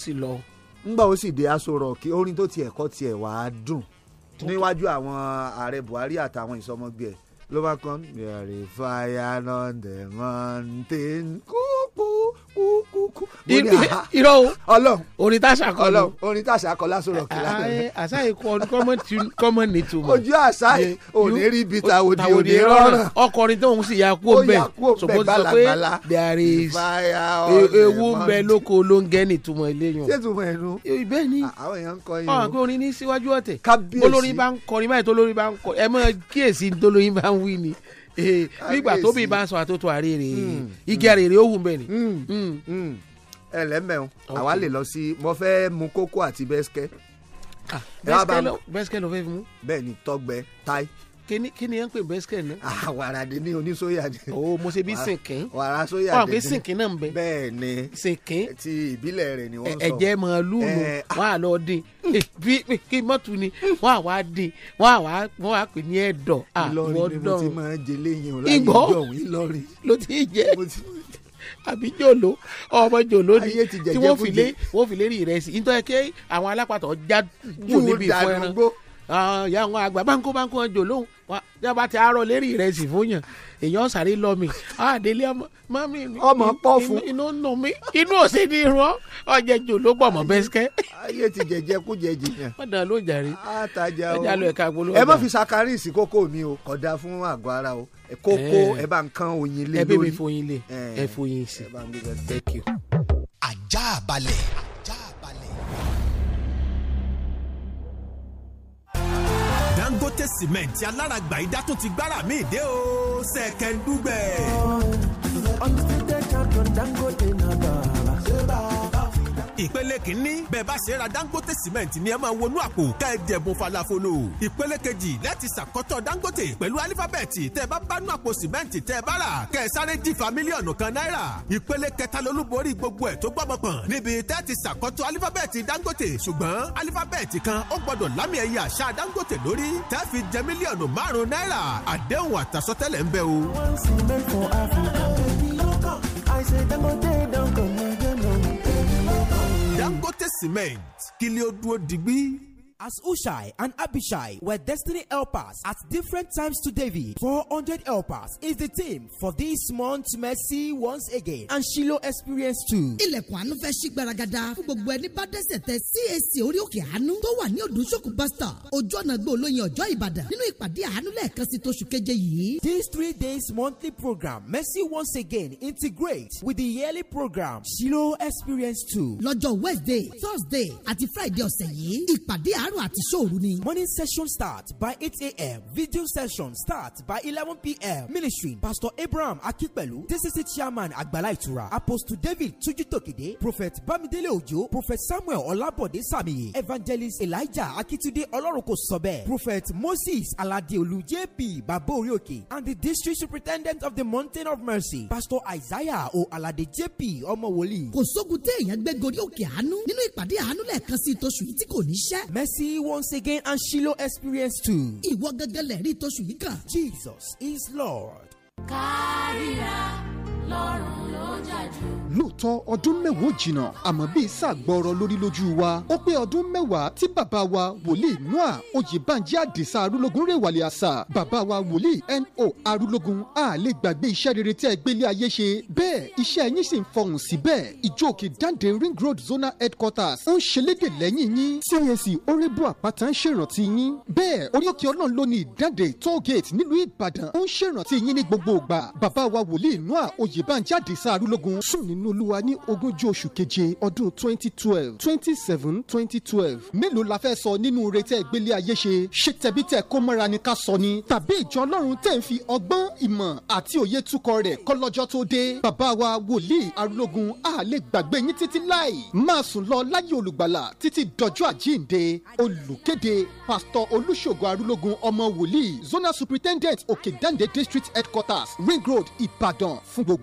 ńgbà ó sì dé aṣọ rọ̀ọ̀kì orin tó tiẹ̀ kọ́ tiẹ̀ wàá dùn níwájú àwọn ààrẹ Buhari àtàwọn ìsọmọgbẹ ló bá kàn. there is fire on the mountain kúkú kúkúkú. irọ́ o ọlọ́run orin tàṣà kọ lọ. orin tàṣà kọ lásán rọ̀ kílá. àṣà ikú ọdún kọ́mọ ní tuma. ojú àṣà òní rí bita òní òní rọrùn. ọkùnrin tó ń sì ya kú bẹ́ẹ̀. ó yà kú there is e- ewu ń bẹ lóko olóńgẹ́ ní tuma eléyàn. ṣé tuma ẹnu. bẹ́ẹ̀ ni ah, àwọn èèyàn ń kọ yín. ọ̀hún orin ní síwájú ọ̀tẹ̀. kábíyèsí olórin bá ń kọrin báyìí tó lórin bá ń kọ ẹ mọ kíyèsí tó lórin bá ń wí ni. Eh, nígbà tó bí bá sọ àtúntò àrèrè hmm, igi hmm. àrèrè ó wù bẹ́ẹ̀ ni. Hmm, ẹlẹ́mẹ̀ọ́ àwa lè lọ sí mo fẹ́ mu kókó àti bẹ́sikẹ́. Ah, bẹ́sikẹ́ ló fẹ́ fi mú. bẹ́ẹ̀ táì kíni kíni yẹn ń pè bẹ́sikẹ̀ náà. àwàràdì ah, ni onísóyà ni. o oh, mo ṣe bí sìnkín. wàrà sóyà dèdè. wọn pe sìnkín náà ń bẹ. bẹ́ẹ̀ni ti ìbílẹ̀ rẹ̀ ni wọ́n sọ. ẹ̀jẹ̀ máa lù nù ah. wọ́n á lọ dín bí kí mọ́tò ni wọ́n á wá dín wọ́n á wá pè ní ẹ̀dọ̀. Ah, Ìlọrin ni mo ti máa jẹ léyìn ọ̀la ìjọ̀hún Ìlọrin. ló ti jẹ́ àbí jòló ọmọ jòló ni tí wọ́n fi lé wọ́n fi lé rí ìrẹsì nítorí pé àwọn alápatọ̀ já jù níbi ìfọ àwọn ah, ìyá àwọn àgbà báńkó báńkó wọn jò lóhùn wa bí wọn bá ti arọ lérí ìrẹsì fún yàn èèyàn sáré lọ mi àdélé ọmọ mami ọmọ pọ fún inú nù mí inú ò sí ní irun ọjẹ jò ló pọ mọ bẹsikẹ. ayé ti jẹjẹ kú jẹjì yàn. ọ̀dà ló jàre àtàjà o ẹja lọ polówó. ẹ má fi sakarin sí kókó mi o kódà fún àgọ́ ara o kókó ẹ bá ń kan oyin lé lórí ẹ bí mi foyin lé ẹ foyin sí ajá balẹ̀. sìmẹ́ǹtì alárágbà ìdá tún ti gbára mi dé o ṣẹ̀kẹ̀ndúgbẹ̀. undisputed champion Dangote na bàbá ìpele kìíní bẹ́ẹ̀ bá ṣe ra dangote cement ni ẹ máa wọnú àpò ká ẹ jẹ̀bùn falafolo ìpele kejì láti ṣàkọ́tọ̀ dangote pẹ̀lú alifábẹ́ẹ̀tì tẹ́ ẹ bá bánú àpò cement tẹ́ ẹ bá rà kẹ́ ẹ sáré jìfà mílíọ̀nù kan náírà ìpele kẹta lolúborí gbogbo ẹ̀ tó gbọ́mọpọ̀n níbi tẹ́ ti ṣàkọ́tọ̀ alifábẹ́ẹ̀tì dangote ṣùgbọ́n alifábẹ́ẹ̀tì kan ó gbọ́dọ̀ lámì ẹ̀yẹ àṣà dangote lórí tẹ́ fi jẹ mílíọ̀nù márùn-ún náírà àdéhùn àtàsọtẹ́lẹ̀ ń bẹ o. one cement for Africa, united cement kí lè ó dúró digbí as Ushai and Abishai were destiny helpers at different times to David. 400 helpers is the team for this month's mercy once again and Shiloh experienced too. Ilẹ̀kùn àánú fẹ́ ṣí gbaragada gbogbo ẹni bá dẹ́sẹ̀ tẹ CAC orí òkè àánú tó wà ní òdùnsókù bus stop ojú ọ̀nà gbé olóyin ọjọ́ Ìbàdàn nínú ìpàdé àánú lẹ́ẹ̀kan sí tóṣù keje yìí. This three days monthly program mercy once again integrate with the yearly program Shiloh experienced too. Lọ́jọ́ Wednesday, Thursday àti Friday ọ̀sẹ̀ yìí ìpàdé àárọ̀ àtàárọ̀ àti ṣòru ni. morning session start by eight a.m. video session start by eleven p.m. ministry pastor abraham akipẹ̀lú dcc chairman àgbàlá ìtura apostle david tuju tòkìdé prophet Bamidele Ojo. prophet samuel Olabode Samiye. evangelist elijah akitunde ọlọ́runko sọ̀bẹ̀ prophet moses aladeolu jp baborioke and the district superintendent of the mountain of mercy pastor isaiah o alade jp ọmọ wòlíì. kò sógun téèyàn gbé gorí òkè àánú nínú ìpàdé àánú lẹ́ẹ̀kan sí i yìí tí kò ní ṣẹ́. mercy see once again and Shiloh experience too. Ìwọ gẹ́gẹ́ lẹ̀rí ìtọ́sùn yìí kà. Jesus is Lord. Kárìíra lọ́rùn ló jà jù. lóòótọ́ ọdún mẹ́wàá ò jìnnà àmọ́ bíi ṣàgbọ́rọ̀ lórí lójú wa ó pé ọdún mẹ́wàá tí bàbá wa wòlíì noah oyèbánjí àdìsá arúlógún rèwàlẹ̀ àṣà bàbá wa wòlíì no arúlógún a lè gbàgbé iṣẹ́ rere tí ẹ ayé ṣe bẹ́ẹ̀ iṣẹ́ yín sì ń fọhùn síbẹ̀ ìjókè dáǹdè ring road zona headquarters ń ṣẹlẹ́dẹ̀ lẹ́yìn yín csc orébù àpáta ń ṣèrántí yín bẹ́ẹ̀ orí òkè ọlọ́run ló ní ìdáǹdè toll gate Oyèbánjí Àdìsá Arúlógún sùn nínú Olúwa ní ogúnjọ́ oṣù keje ọdún twenty twelve twenty seven twenty twelve mélòó la fẹ́ sọ nínú retẹ́ ìgbélé ayé ṣe ṣe tẹ̀bí tẹ̀ kó mọ́ra ni ká sọ ni tàbí ìjọ Ọlọ́run tẹ̀ ń fi ọgbọ́n ìmọ̀ àti òye tukọ̀ rẹ̀ kọ́ lọ́jọ́ tó dé bàbá wa wòlíì Arúlógún a lè gbàgbé yín títí láì máa sùn lọ láyé olùgbàlà títí dọjọ́ àjíǹde olùkéde pásítọ̀ Olúṣògo Arúlógún ọmọ wòlíì zonal superintendent Òkèdàndé district headquarters ring road Ìbàdàn fún gbogbo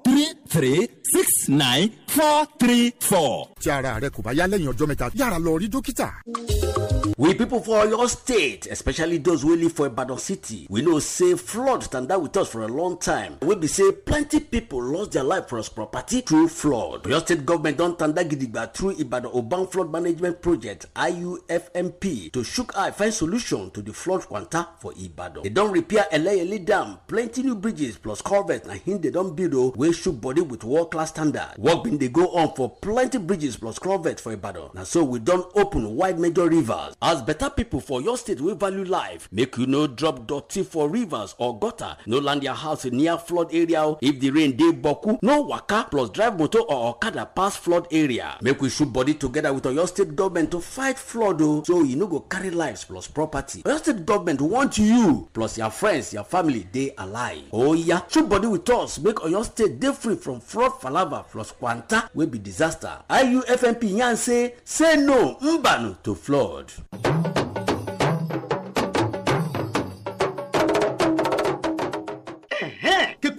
three three six nine four three four tí ara rẹ kò bá yá lẹ́yìn ọjọ́ mẹ́ta yára lọ rí dókítà. We people for your State, especially those who live for Ibadan City, we know say flood tanda with us for a long time. We be say plenty people lost their life for us property through flood. Your State government don tanda gidigba through Ibadan Oban Flood Management Project IUFMP to shook eye find solution to the flood quanta for Ibadan. They don't repair Eleyele Dam, plenty new bridges plus culverts and him they don't build We wey shook body with world class standard. Work been they go on for plenty bridges bridges plus culvert for ibadan na so we don open wide major rivers as better people for your state wey value life make you no drop dirty for rivers or gutter no land your house near flood area if the rain dey boku no waka plus drive motor or okada pass flood area make we shoot body together with oyo state government to fight flood o so you no go carry lives plus property oyo state government want you plus your friends your family dey alive oya oh shoot body with us make oyo state dey free from flood palava plus kwanta wey be disaster iu fnp yan say say no mbanu to flood.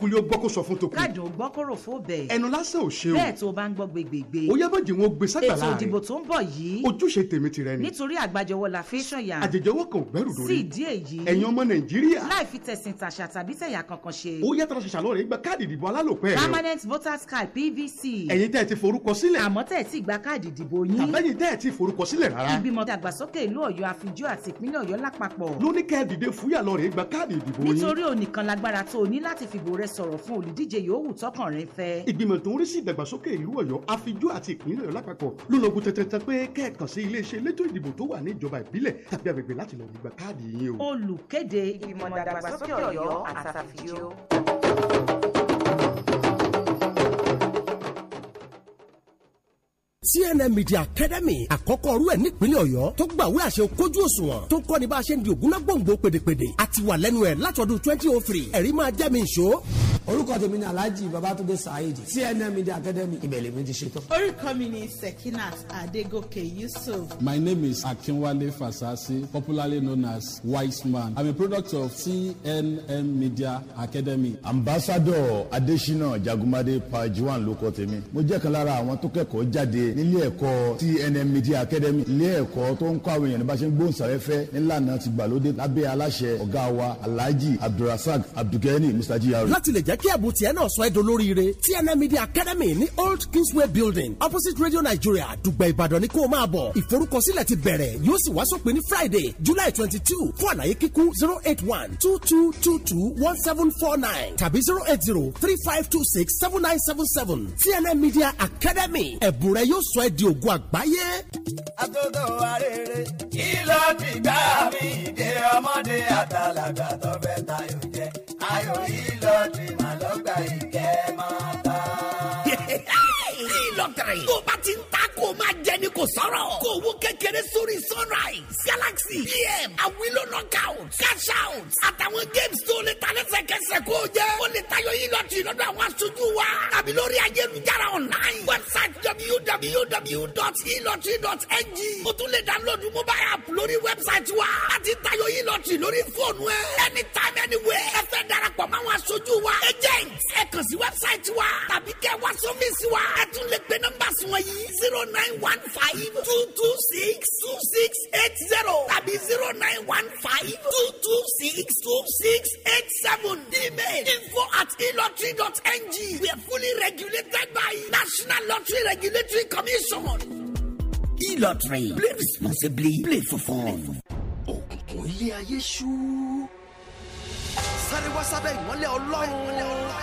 kulé ó gbọ́ kó sọ fún tokun. rádìo gbọ́ kó rò fó bẹ́ẹ̀. ẹnu lásán ò ṣe o. bẹ́ẹ̀ tó o bá ń gbọ́ gbègbègbè. ó yẹ bàjẹ́ wọn gbé ságbà láàrin. ètò ìdìbò tó ń bọ̀ yìí. ojúṣe tèmi ti rẹ ni. nítorí àgbàjọwọ́ la fi ṣọ̀yà. àjèjọwọ́ kan ò gbẹ́rù dórí. sí ìdí èyí. ẹ̀yin ọmọ nàìjíríà. láì fi tẹ̀sìn tàṣà tàbí tẹ̀yà kankan ṣe. ó yẹ tọ́ra ṣàṣà rẹ. permanent voters card pvc. ẹ̀yin tẹ́ ẹ ti forúkọ sílẹ̀. àmọ́ tẹ́ ẹ ti gba káàdì ìdìbò yín. àbẹ́yìn tẹ́ ẹ ti forúkọ sílẹ̀ rárá. ìgbìmọ̀ dàgbàsókè ìlú ọ̀yọ́ àfijọ́ àti ìpínlẹ̀ ọ̀yọ́ lápapọ̀. ló ní kẹ́ẹ̀dìdẹ fúyà lọ́rẹ̀ gba káàdì ìdìbò yín. nítorí òní kan lágbára tó o ní láti fìbò sọ̀rọ̀ fún olùdíje yòówù tọkàn rẹ̀ fẹ́. ìgbìmọ̀ tó ń rí sí ìdàgbàsókè ìlú ọ̀yọ́ àfijú àti ìpínlẹ̀ ọ̀yọ́ lápapọ̀ ló lọ gun tẹ̀tẹ̀tẹ̀ pé kẹ́ẹ̀kan sí iléeṣẹ́ elétò ìdìbò tó wà ní ìjọba ìbílẹ̀ tàbí agbègbè láti lọ gbígba káàdì yín o. olùkéde ìgbìmọ̀ ìdàgbàsókè ọ̀yọ́ àtàfíjó. CNN Media Academy àkọ́kọ́ ọ̀rú ẹ̀ nípínlẹ̀ Ọ̀yọ́ tó gbàwé àṣẹ kójú òṣùwọ̀n tó kọ́ ni bá a ṣe ń di ògúnná gbòǹgbò pèdèpèdè àti wà lẹ́nu ẹ̀ látọdún twenty oh three ẹ̀rí máa jẹ́ mi ìṣó orúkọ tèmi ni alhaji babatunde saheed cnn media academy ìbẹ̀lẹ̀ mi ti ṣetán. orúkọ mi ni sekinat adegoke yusuf. my name is akinwale fasasi popularly known as wise man i'm a product of cnn media academy. ambassadọ adesina jagunmade pajuwan ló kọ tèmi mo jẹ́ kan lára àwọn tó kẹ́kọ̀ọ́ jáde nílé ẹ̀kọ́ cnn media academy ilé ẹ̀kọ́ tó ń kọ́ àwọn èèyàn bá ṣe ń gbóhùnsáfẹ́fẹ́ nílànà tìgbàlódé lábẹ́ aláṣẹ ọ̀gá wa alhaji abdulrasaq abdulgani mr jr. láti lè já jẹ́ kí ẹ̀bùn tiẹ̀ náà sọ ẹ́ dolóríire TNM Media Academy ní Old Kingsway Building opposite Radio Nigeria Dùgbẹ̀ Ìbàdàn ni kó o máa bọ̀ ìforúkọsílẹ̀ ti bẹ̀rẹ̀ yóò sì wá sópin ní Friday July twenty two fún àlàyé kíkún zero eight one two two two two one seven four nine tàbí zero eight zero three five two six seven nine seven seven TNM Media Academy ẹ̀bùn rẹ yóò sọ ẹ́ di ògùn àgbáyé. àtọ́dọ̀ arére kí ló dìgbà mi ìdè ọmọdé àtàlàgbà tó fẹ́ tayò jẹ ayò yìí. kò sọ̀rọ̀ kó owó kékeré sórí sunrise galaxy pm awilo knockout cash out àtàwọn games tó lè ta lẹ́sẹ̀kẹsẹ̀ kó o jẹ́ o lè tayọ yín lọ́tì lọ́dọ̀ àwọn aṣojú wa tàbí lórí ayélujára online website www.elotry.ng o tún lè download mobile app lórí website wa láti tayọ yín lọ́tì lórí fóònù ẹ anytime anywhere ẹ fẹ́ darapọ̀ mọ́ àwọn aṣojú wa agent ẹ kàn sí website wa tàbí kẹ́ wá sọ́fíìsì wa ẹ tún lè pe nọ́mbà sùn wọ̀nyí zero nine one five. five two two six two six eight zero tàbí zero nine one five two two six two six eight seven. Email info at elotry dot ng. We are fully regulated by National Lottery Regulatory Commission. E-lottery. Play responsibly. Play for fun. Oh ilé ayé ṣú. Sáré wá sábẹ́ ìmọ́lẹ̀ ọlọ́run.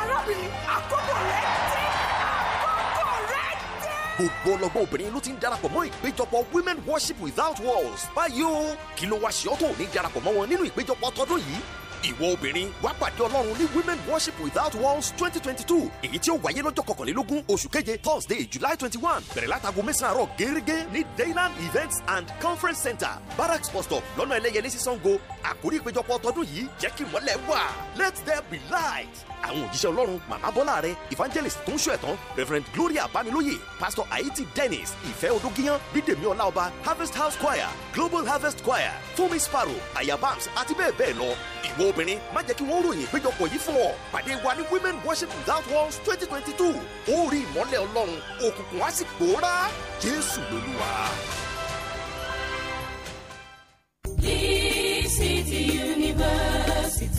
Arábìnrin àkọ́bọ̀ rẹ̀ tẹ̀. gbogbo ọlọ́gbọ́n obìnrin ló ti ń darapọ̀ mọ́ ìpéjọpọ̀ women worship without walls báyìí o kí ló wá ṣe ọ́ tó ní darapọ̀ mọ́ wọn nínú ìpéjọpọ̀ tọdún yìí ìwọ obìnrin wá pàdé ọlọ́run ní women worship without walls twenty twenty two èyí tí ó wáyé lọ́jọ́ kọkànlélógún oṣù keje thursday july twenty one bẹ̀rẹ̀ látago mẹ́sàn-án àárọ̀ gẹ́gẹ́ ní dayland events and conference center barracks post-op lọ́nà ẹlẹ́yẹlé sí sango àkórí ìpéjọpọ̀ tọdún yìí jẹ́ kí ìmọ́lẹ̀ wà let there be light. àwọn òjíṣẹ́ ọlọ́run màmá bọ́lá rẹ evangelist tó ń ṣọ́ ẹ̀tàn reverend gloria banilóye pastor haiti dennis ìfẹ́ odógíyán bídèmí ọláọba harvest house choir global harvest choir fúnmi sparrow ayabams àti bẹ́ẹ̀ bẹ́ẹ̀ lọ. ìwọ obìnrin má jẹ́ kí wọ́n ròyìn ìpéjọpọ̀ yìí fún ọ pàdé wa ní women worship without walls twenty twenty two ó rí ìmọ́lẹ̀ ọlọ́run òkùnkùn á sì pòórá jésù lolúwa. The University.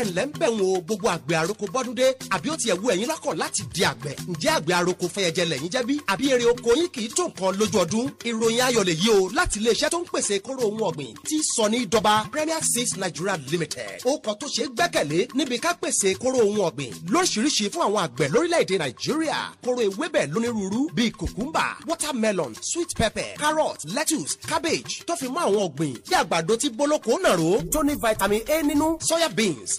ẹ̀ǹlẹ́ ń bẹ̀ wọn gbogbo àgbẹ̀ àroko bọ́dúndé àbí ó tiẹ̀ wù ẹ̀yin lọ́kàn láti di àgbẹ̀ ǹjẹ́ àgbẹ̀ àroko fẹyẹjẹ lẹ̀yin jẹ́ àbí èrè oko yín kì í tó nǹkan lójú ọdún ìròyìn ayọ̀ lèyí o láti iléeṣẹ́ tó ń pèsè kóró ohun ọ̀gbìn tí sọ ní dọba Premier Six Nigeria Limited ó kọ tó ṣeé gbẹ́kẹ̀lé níbi ká pèsè kóró ohun ọ̀gbìn lóríṣiríṣi fún àwọn àgbẹ̀ lórílẹ̀‐èdè Nàìjíríà kóró ewébẹ̀ lónírúurú watermelon sweet pepper carrot lettuce cabbage tó fi mọ́ àwọn ọ̀gbìn bí àgbàdo vitamin A nínú soya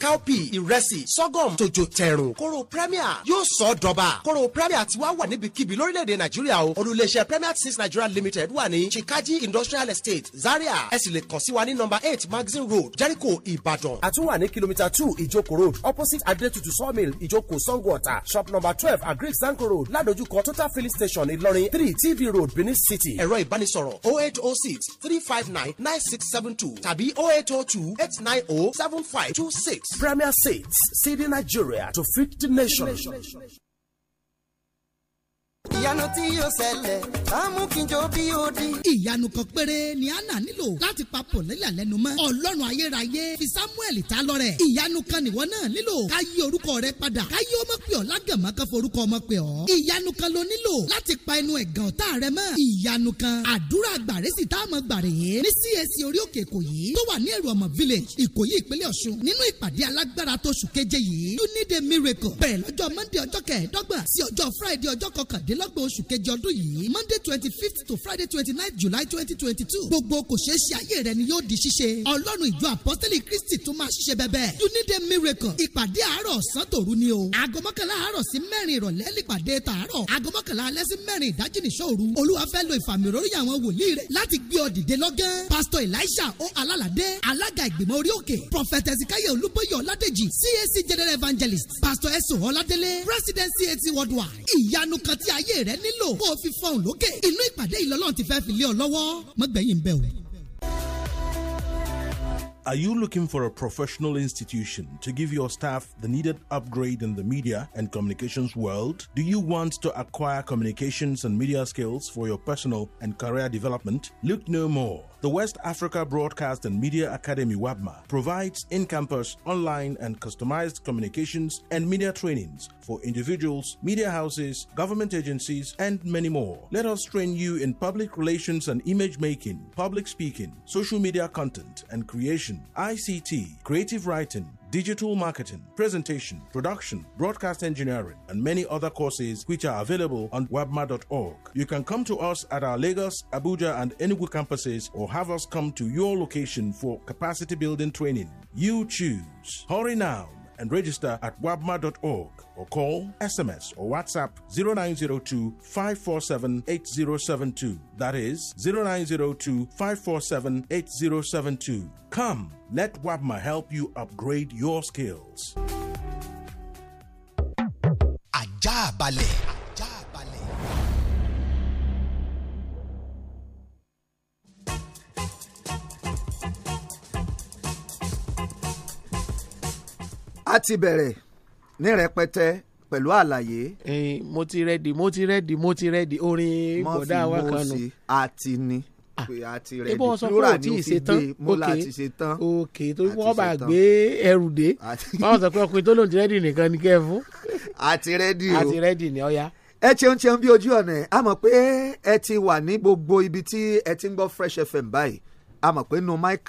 cowpea ìrẹsì sorghum tòjò tẹ̀rùn kóró premier yóò sọ dọba kóró premier ti wá wà níbikíbi lórílẹ̀‐èdè nàìjíríà o olùléṣẹ́ premier tins nigeria limited wà ní chikaji industrial estate zaria ẹ sì lè kàn sí wa ní number eight magazine road jericho ìbàdàn. a tún wà ní kìlómítà two ìjókòó road opposite adetutu sawmill ìjókòó sango-ọ̀tà shop number twelve agric zanko road ládojúkọ total filling station ìlọrin three tv road benin city. ẹ̀rọ ìbánisọ̀rọ̀ oh eight oh six three five nine nine six seven two tàbí oh eight oh two eight nine oh seven five two six. Premier States, City Nigeria to 50 nations ìyanu tí yóò ṣẹlẹ̀ á mú kí n jó bí ó di. ìyanu kan péré ni anna nílò láti pa pọ̀lẹ́lẹ̀ lẹ́nu mọ́ ọlọ́run ayérayé fi samuel ta lọ́rẹ̀ ìyanu kan nìwọ náà nílò ká yí orúkọ rẹ padà ká yí ọmọ pè ọ́ lágàmọ́ kan forúkọ ọmọ pè ọ́ ìyanu kan ló nílò láti pa ẹnu ẹ̀gàn ọ̀tá rẹ mọ́ ìyanu kan àdúrà gbàrẹ́ sì tá a mọ̀ gbàrẹ́ ní CAC orí òkè ìkòyí tó wà ní ẹ̀rù ọmọ village ìkòyí ìpínlẹ̀ ọ̀ṣun nínú ìpàdé alágbára tóṣù keje yìí you need a miracle bẹ̀rẹ̀ lọ́jọ́ monday ọjọ́ kẹẹ̀ẹ́dọ́gbọ̀n sí ọjọ́ friday ọjọ́ kọkàndínlẹ́ kọkàndínlọ́gbọ̀n oṣù kejì ọdún yìí monday twenty fifth to friday twenty nine july twenty twenty two gbogbo kò ṣeé ṣe ayé rẹ ni yóò di ṣíṣe ọlọ́run ìjọ apọ́sítẹ́lì kristi tún máa ṣiṣẹ́ bẹ́bẹ́ you need a miracle ìpàdé àárọ̀ ọ̀sán tòru ni o aago mọ́kànlá àárọ̀ sí mẹ́rin ìrọ̀lẹ́ nípàdé tààrọ̀ aago mọ́kànlá alẹ́ sí mẹ́rin ìdájí nìṣọ́ òru olúwa fẹ́ lo ìfàmì òróró yà àwọn wòlíì rẹ̀ láti gbé ọ dìde lọ́gán pásítọ̀ elisha o alálàdé alága ìgbìmọ̀ orí òkè prọfẹ̀tẹ̀ ẹ̀sìnkáyọ̀ olúbọ̀yọ̀ ọ̀ládẹ́jì cac general evangelist pásítọ̀ ẹ̀sùn ọ̀ládélé president cac worldwide ìyanu kan tí a ayé rẹ nílò kó o fi lókè inú ìpàdé ìlọlọ́run ti fẹ́ fi lé ọ lọ́wọ́ mọ́gbẹ̀yìn bẹ́ẹ̀ o. Are you looking for a professional institution to give your staff the needed upgrade in the media and communications world? Do you want to acquire communications and media skills for your personal and career development? Look no more the West Africa Broadcast and Media Academy WABMA provides in campus, online, and customized communications and media trainings for individuals, media houses, government agencies, and many more. Let us train you in public relations and image making, public speaking, social media content and creation, ICT, creative writing digital marketing, presentation, production, broadcast engineering, and many other courses which are available on webma.org. You can come to us at our Lagos, Abuja, and Enugu campuses or have us come to your location for capacity building training. You choose. Hurry now and register at wabma.org or call, SMS, or WhatsApp 0902 547 8072. That is 0902 547 8072. Come, let Wabma help you upgrade your skills. Ajabale. a ti bẹ̀rẹ̀ ní rẹpẹtẹ pẹ̀lú àlàyé. mo ti rẹ́dì mo ti rẹ́dì mo ti rẹ́dì orin bọ̀dá wa kan nù. mo fi mo ṣe àti ni ah, pé a ti rẹ̀ di plural ni o fi gbé mọ́lá ti ṣe tán. ok tó wọ́n bá gbé ẹrù dé wọ́n sọ pé ọkùnrin tó lòun ti rẹ́dì nìkan ni kẹ́ ẹ fún. a ti rẹ́dì o a ti rẹ́dì ni ọ̀ya. ẹ ṣeun ṣeun bí ojú ọ̀nà ẹ̀ a mọ̀ pé ẹ ti wà ní gbogbo ibi tí ẹ ti ń gbọ́ Fresh FM báyìí a mọ̀ pé nu mic